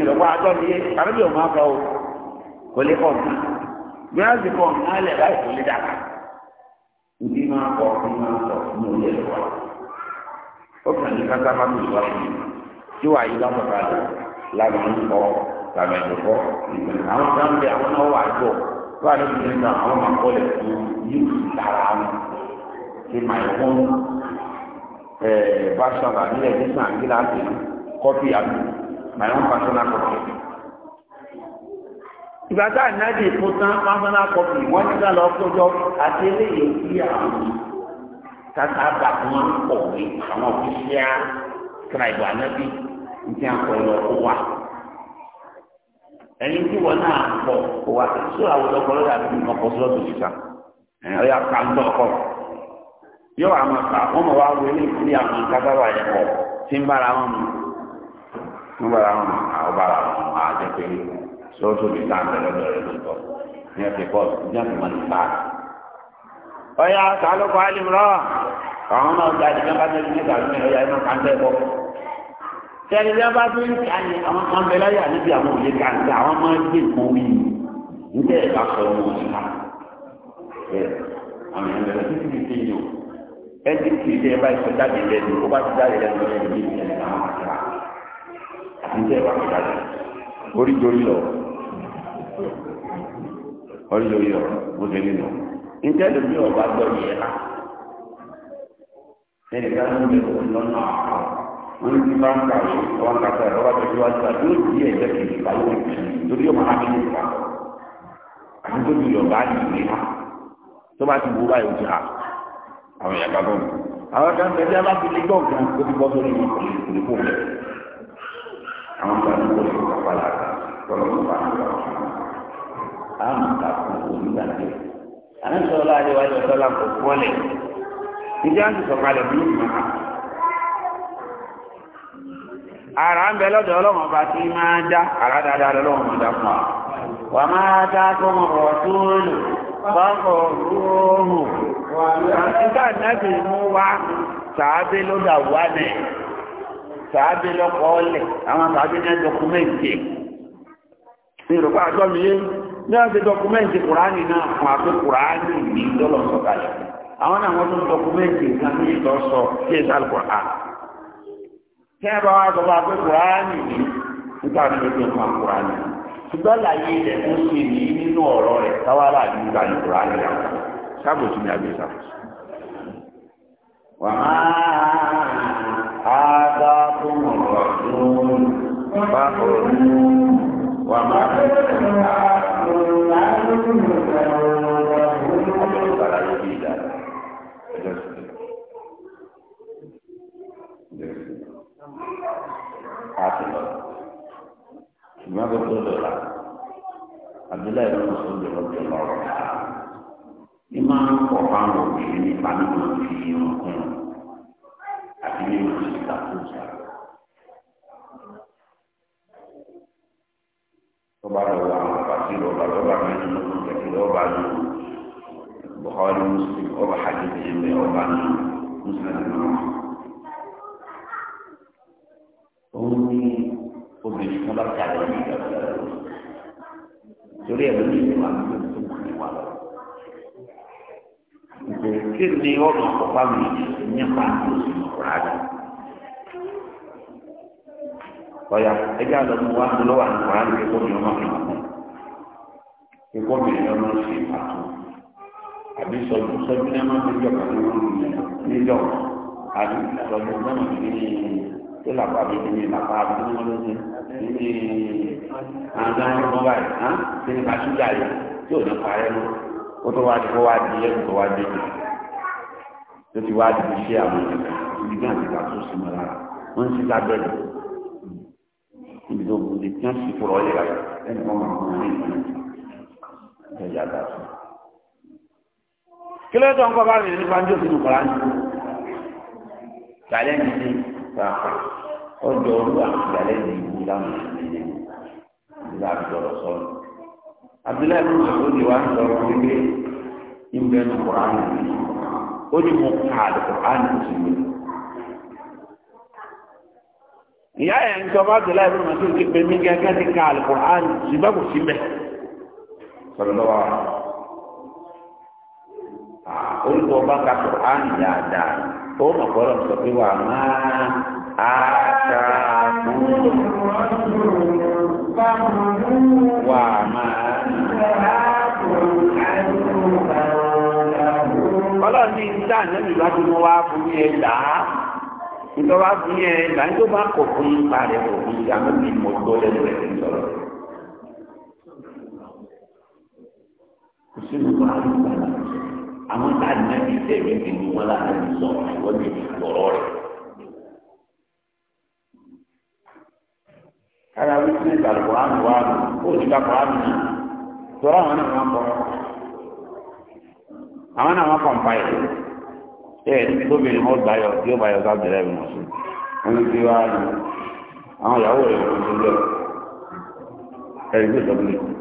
àjọ mi yé o kò lè kọ̀ bí wọ́n kọ̀ lẹ̀ láì kò lè dàgbà ìdí máa kọ̀ máa ní lábẹ́ ńkọ́ lábẹ́ ńkọ́ àwọn kan bẹ àwọn náà wà jọ tó àdé mi nígbà àwọn máa kọ́ lẹ̀ fún yíyí lára wọn ṣe máa ń fún bàṣọ̀nà nílẹ̀ nígbà nígbà tó kọ́pì àbí máa ń bàṣọ̀nà kọ́pì. ìgbà tá ànáàdì fún tán bàṣọ̀nà kọ́pì wọ́n ti dá lọ kójọ àti eléyìí sí àwọn tata bàtà wọn pọ̀ àwọn òfìsíà kíra ìbò ànábì nti akɔlɔ kó wa ẹni tí wọn náà kọ kó wa sọ àwọn ọkọlọ dàbí ọkọ sọlọ tó ti ta ẹ ọyà ká ń tọ kọ yọ àwọn ká wọn mọ wá wọlé ìpínlẹ̀ àwọn kátà wà yẹ kọ tí ń bára wọn mu ń bára wọn mu àwọn bára wọn mu àjẹ pé sọlọ tó ti ta ń bẹ̀rẹ̀ lọrẹ lọtọ ní ẹsẹ kọ ní ẹsẹ mọ ní bá ọyà sálọkọ alimrọ àwọn náà gba ìdílé bá tẹ̀lé ní ìgbà tó ń bẹ ọyà ẹ náà tẹ kọ tẹ̀lé bí a bá fi ń ka ni àwọn kan bẹ láyé àníbi àwọn òye ká ń ta àwọn máa ń gbé nǹkan wí ni ń tẹ̀ ẹ̀ bá sọ ọmọ òsì ká ẹ àwọn èèyàn bẹ̀rẹ̀ títí fi fi yàn ẹ ti kì í ṣe ẹ bá ṣe jáde lẹ́nu ó bá ti jáde lẹ́nu ẹ ní ìṣẹ̀lẹ̀ ní àti ń tẹ̀ ẹ̀ orí jorí lọ orí jorí lọ bó ṣe nínú ń tẹ̀ wọ́n ti bá ń kà ó wọ́n kà sẹ́yìn ọba tó ti wá síta yóò di ẹ̀jẹ̀ kejì báyìí wọ́n ti torí ọmọ àmì ní ìgbà àti tó ti yọ̀ọ̀bá yìí ní ha tó bá ti wo báyìí ó ti hà àwọn ìyàgbá bọ̀ mi. àwọn kan tẹ̀ tí a bá fi lé gbọ̀ gan ó ti bọ́ sórí wọn kò ní kò lẹ̀. àwọn kan tó lè kó ara ń bẹ lọ́dọ̀ ọlọ́run ọba tí máa dá ara dáadáa lọ́lọ́run ọba fún wa wà máa dá tó mọ̀ rọ̀ tó lò fọ́kọ̀ rúhùn àtúntà nẹ́bì mú wá sàábé ló dà wá nẹ̀ sàábé lọ́kọ̀ ọlẹ̀ àwọn sàábé ní dọkumẹ́ǹtì ní ìrọ̀pá àjọ mi ní wọ́n dọkumẹ́ǹtì kùránì náà fún àpé kùránì ní lọ́lọ́ sọ̀kalẹ̀ àwọn náà dọkumẹ́ǹtì náà ní ìtọ́sọ sí ìsàlùkùránì tẹ́ ẹ bá wá sọ fún akpé kùránì ní nípa àdúgbò tó ń pa kùránì ṣùgbọ́n láyé rẹ̀ tó ṣe ní nínú ọ̀rọ̀ rẹ̀ táwa ní ìgbà ní kùránì rẹ̀ sábòsí ni àgbẹ̀ sábòsí. wàá àgbà tó mọ̀ ọ́ fún bá ọ̀rọ̀ wàá kó tó lọ́la Abdullahi ló ń sọ ọ́ lọ́wọ́ ní máa ń kọ̀ fáwọn obìnrin nípa nínú fi irun kún un àti nínú ìta tó jà. tó bá lọ wọ àwọn àbáṣí lọ́ba lọ́ba mẹ́rin lọ́dún kẹ̀kẹ́ lọ́ba nínú Bukhari Muslim ọba oh, hadith yẹn bẹ́ẹ̀ ọba nínú Muslim náà. òun ní obìnrin kan bá tààrà ní ìjọba torí ẹ̀rọ ní ìwà tó tó ní wà lọ. Kí ni ọ̀nà ọ̀pá mi nípa àtúnṣe ọ̀rá rẹ̀? Ọ̀yà ẹja lọ mú wá lọ́wọ́ àwọn ọ̀rá rẹ̀ kó ní ọmọ mi wà mọ́. Ìkọ́ mi ni ọmọ ṣe pàtó. Àbí sọ̀dún sọ́dún ní ọmọ mi jọ̀ọ́ pàtó ní ìjọba. Àbí sọ̀dún náà ní tí làpá bí ní làpá bí ní wọn lóṣù ní àgbà wọn lọ báyìí hàn tí ní bá ṣúgà yìí tí ò ní parẹ́ mọ́ ó tó wá di di ẹ̀kú tó wá di ẹ̀kú ti wá di iṣẹ́ àwọn ènìyàn ibi náà ti gbàtó sí mọ́ lára wọ́n ń ṣe lábẹ́lẹ̀ níbi tó gbòdì tí wọ́n sì fọ̀rọ̀ yẹ ẹni kan máa fún wọn ní ìpínlẹ̀ ẹ̀yà dàtú. kí ló tó ń kọ́ bá mi nípa ń jó sínú kọ́lá ní. tàlẹ́ ní pàápàá ọjọ́ olú àtìgbàlẹ̀ ní ìlú láwọn ènìyàn ìlú àgbọ̀rọ̀ sọ́nù. abdullahi bin mas'ud wa ń sọ̀rọ̀ wípé ìgbẹ́ nu kùránù yìí ó ní mo ka àlè kùránù sí mi. ìyá ẹ̀ ń sọ fún abdullahi bin mas'ud ti pé mí gẹ́gẹ́ ti ka àlè kùránù ṣùgbọ́n kò sí mẹ́. sọ̀rọ̀ lọ́wọ́ orúkọ bá ka kùránù dáadáa ó mọ̀ gbọ́dọ̀ sọ pé wà máa á ká mú wà máa ọlọ́ọ̀ni ìdá ànábì bá ti mọ́ wá fún ní ẹ̀dá nítorí wá fún ní ẹ̀dá nítorí bá kò fún ipa rẹ̀ kò fún ìyá mi ní mo tó lẹ́nu rẹ̀ ní sọ̀rọ̀. kò sí ìlú bá ń gbà láti àwọn tá a nà bí tẹ̀lé ti ní wọn láti ní sọ àwọn lè fi lọ́rọ́ rẹ̀. kára wípé ìgbàlùkọ́ àmì wà nù ó ní gbàgbọ́ àmì nà tọ́ra àwọn náà wọ́n bọ̀ àwọn náà wọ́n kàn báyìí ẹ̀ ẹ̀ tóbi ni wọ́n gbáyọ̀ tí ó báyọ̀ sábẹ̀ rẹ̀ wọ́n sí wọ́n ti wá àwọn ìyàwó rẹ̀ wọ́n ti lọ ẹ̀rí gbé sọ́kùnrin.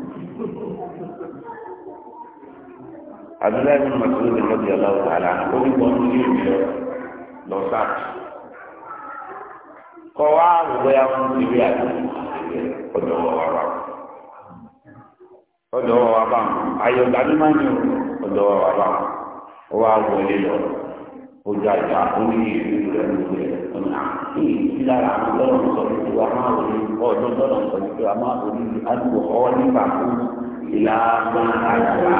abdullahi bin masoud lọbi ọlọwọ tààlà ó ní wọn ní ìlú lọ lọ sáàtì kọ wá àrùbọ ya fún ìwé àti ọ̀dọ̀ wa wà ọ̀dọ̀ wa wà báwọn ayọ̀dá ní máa ń yọ ọ̀dọ̀ wa wà báwọn ó wá wọlé lọ ojú àjà ó ìlú rẹ lórí rẹ ọ̀nà ìyí sí lára àwọn tọ́lọ̀ sọ wípé wàá máa wọlé ọ̀dọ̀ tọ́lọ̀ sọ wípé wàá máa wọlé àdúgbò ọwọ́ nípa fún ìlànà àgbà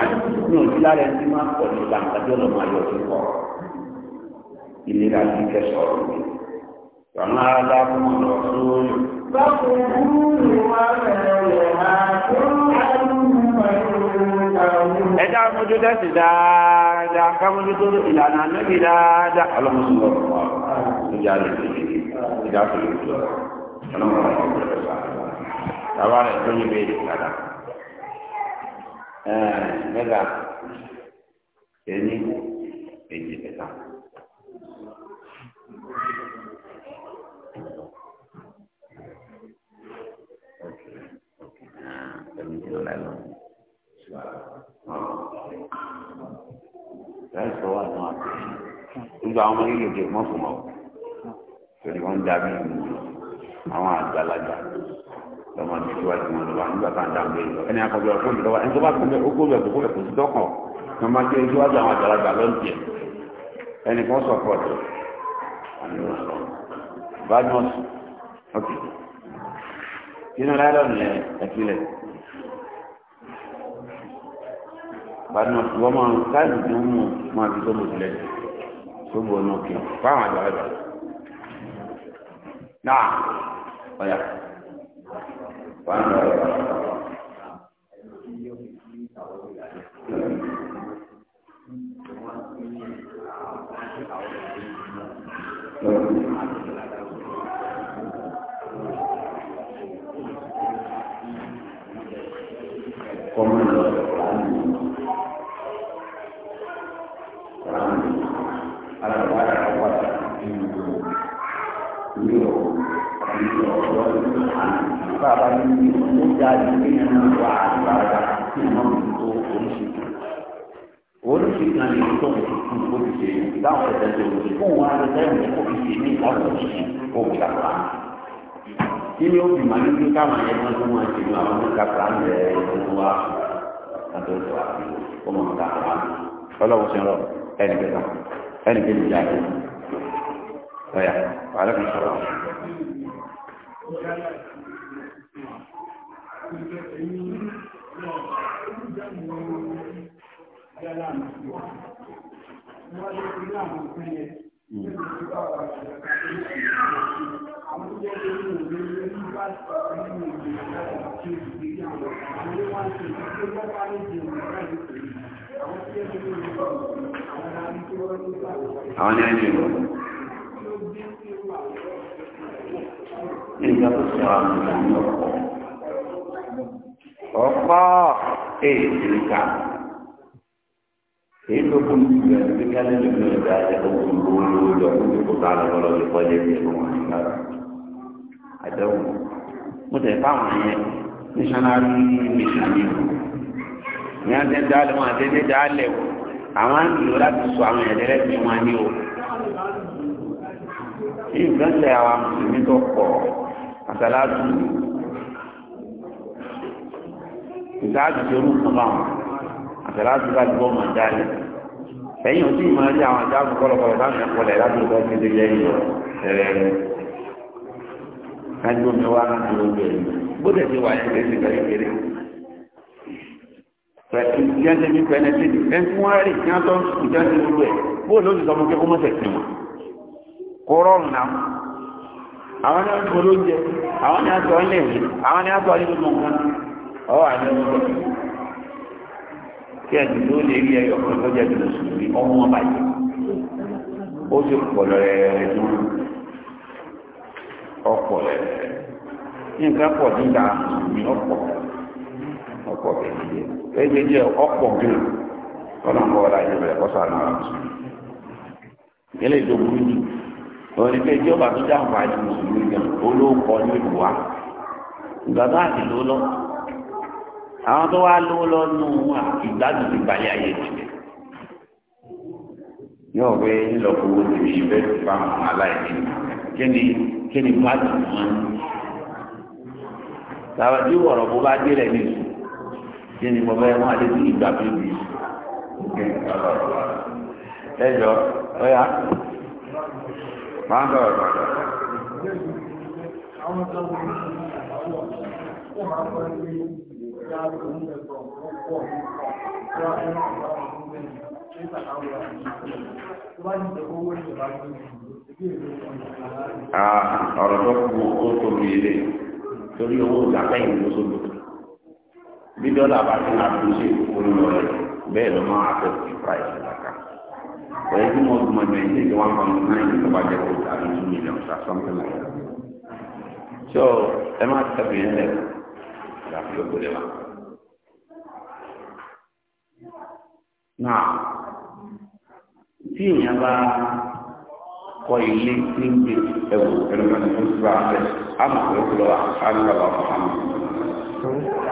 àdúgbò ìlà rẹ̀ ti máa ń pọ̀ ní ìlànà tí ọlọ́mọ ayọ̀ ti pọ̀ ìlera ti kẹsọ̀rọ̀ mi. Àwọn ará fún ọ̀nà ọ̀sùn. Ẹ dá mójú tẹ́sì dáadáa, ká mójú tó ìlànà níbi dáadáa. Ọlọ́mọdé lọ́rọ̀ wá, ó já lè fi ìdá tó lè fi lọ́rọ̀. Ọlọ́mọdé lọ́rọ̀ wá. Tàbá rẹ̀ tó yí bẹ́ẹ̀ dáadáa mẹ́ta ẹni èjì mẹ́ta. Gbogbo àwọn ọmọ yìí lòdì mọ́fùmọ́ torí wọ́n ń dàbí àwọn àgbàlagbà lọ́mọ mi tí wàá ti wọn lọ́wọ́ nígbà tá à ń dáhùn lórí lọ ẹni akọ̀bí ọ̀rọ̀ fóònù lọ́wọ́ ẹni tó bá kún bẹ́ẹ̀ ó kó bẹ́ẹ̀ kó bẹ́ẹ̀ kó sí dọ́kàn lọ́mọ tí ojú wájú àwọn àgbàlagbà lọ́ọ̀dì ẹ̀ ẹni kan sọ pọ̀ tó badmus ok inú ládọ̀ nílẹ̀ ẹ̀kílẹ̀ badmus wọ́n máa ń káàdì tó mú máa fi tóbi sílẹ̀ tó bọ̀ náà kí fáwọn àgbàlagbà náà ọ̀yà. Como ó ga jù kí wà àgbàrá kí ni fi tó oríṣiríṣi oríṣiríṣi náà lè tó kù kó ti ṣe báwọn ẹ̀sẹ̀ tó kù kó wọn á sẹ́yìn kó fi ṣe ní ọdún yìí kó fi kàkà kí ni ó fi màá ní kí káwọn ẹ̀yẹ máa tó máa ṣe ní àwọn ọmọ kàkà ń bẹ wa àtọ́jú àti ọmọ kàkà ọlọ́wọ́ sí ọlọ́wọ́ ẹnì kẹta ẹnì kẹta ìjà rẹ̀ ọ̀yà wàhálà kan sọ̀rọ̀ àwọn ní ẹni ìlú nígbà tó sọ àwọn ìlànà ọ̀pọ̀ ọ̀pọ̀ èèkìríkà èyí tó kún ní ìgbà tó kí alẹ́ lè lọ ìgbà àti ẹ̀kọ́ tó lówó lówó lọ fún ìkó ká lọ lọ lè kọ́lé ní ẹ̀kọ́ wọn nígbà rẹ̀ àdéhùn mo tẹ̀ fáwọn yẹn missionary mission ni o ní adé dálẹ̀ wọn adé dé dálẹ̀ o àwọn àmì láti sọ àwọn ẹ̀dẹ́rẹ́ bí wọn ni o ìgbésẹ̀ àwọn mùsùlùmí tó pọ̀ àtàlásù ìsáájú tí orú kan báwọn àtàlájú bá gbọ́ máa dáyé ẹ̀yìn òtí ìmọ̀ ẹ̀rí àwọn àjáàbù kọ́lọ̀kọ́lọ̀ láti ẹ̀kọ́lẹ̀ láti ọjọ́ ti lè lẹ́yìn lọ ẹ̀rẹ̀ rẹ̀ kájú omi wá láti ojú ẹ̀rí bóde ti wà ẹ̀rẹ́ sí ìgbà kékeré pẹ̀lú ìjẹ́sẹ̀ ní pẹ̀lẹ́sìtì ẹ̀ fún wọn rí kí wọ́n tó ẹ̀ bóò ló ti sọ fún kí ó mọ̀sẹ̀ sí wọn kó ọwọ́ àná ọgbọ́n kí ẹ̀sìn tó lè rí ẹyọ kan tó jẹ́ sùn ní ọmọ wọn ó sì pọ̀ lọ́rẹ́ ọ̀pọ̀ nǹkan pọ̀ nígbà ọ̀pọ̀ ọ̀pọ̀ kẹ̀kẹ́ ẹgbẹ́ jẹ́ ọ̀pọ̀ ọ̀la mùsùlùmí gan ní àwọn tó wá lówó lọ́nu ìgbádùn ti balẹ̀ ayé jù yóò wé ńlọkọwọ ju ìṣẹ̀lẹ̀ fa aláìní kíni kíni pàtó wọn. tàbí tí wọ̀rọ̀ bó bá délẹ̀ ní ìsú kíni mo fẹ́ wọn àti ìgbà tó di ẹ jọ ọ yá máa ń bọ̀rọ̀ bọ̀rọ̀. Àwọn ọmọ Ah, ọ̀rọ̀ tó kú ó tóbi ilé torí owó ìgbàkẹ́yìn ló sóbi bí dọ́là bá ti máa tún ṣe olùlọ rẹ̀ bẹ́ẹ̀ ló máa fẹ́ fi price ìlàkà pẹ̀lú tí wọ́n gbọ́n jẹ́ ilé ìwọ̀n kan náà ní tó bá jẹ́ kó tàbí two million or something like that so ẹ má tẹ̀lé ẹ̀ lẹ́kọ̀ọ́ àti ògbó lẹ́wà. náà tí èèyàn bá kọ ilé ní gbé ẹwù ẹnu mẹ́rin fún ìgbà rẹ̀ á mọ̀ pé ó lọ àṣà ń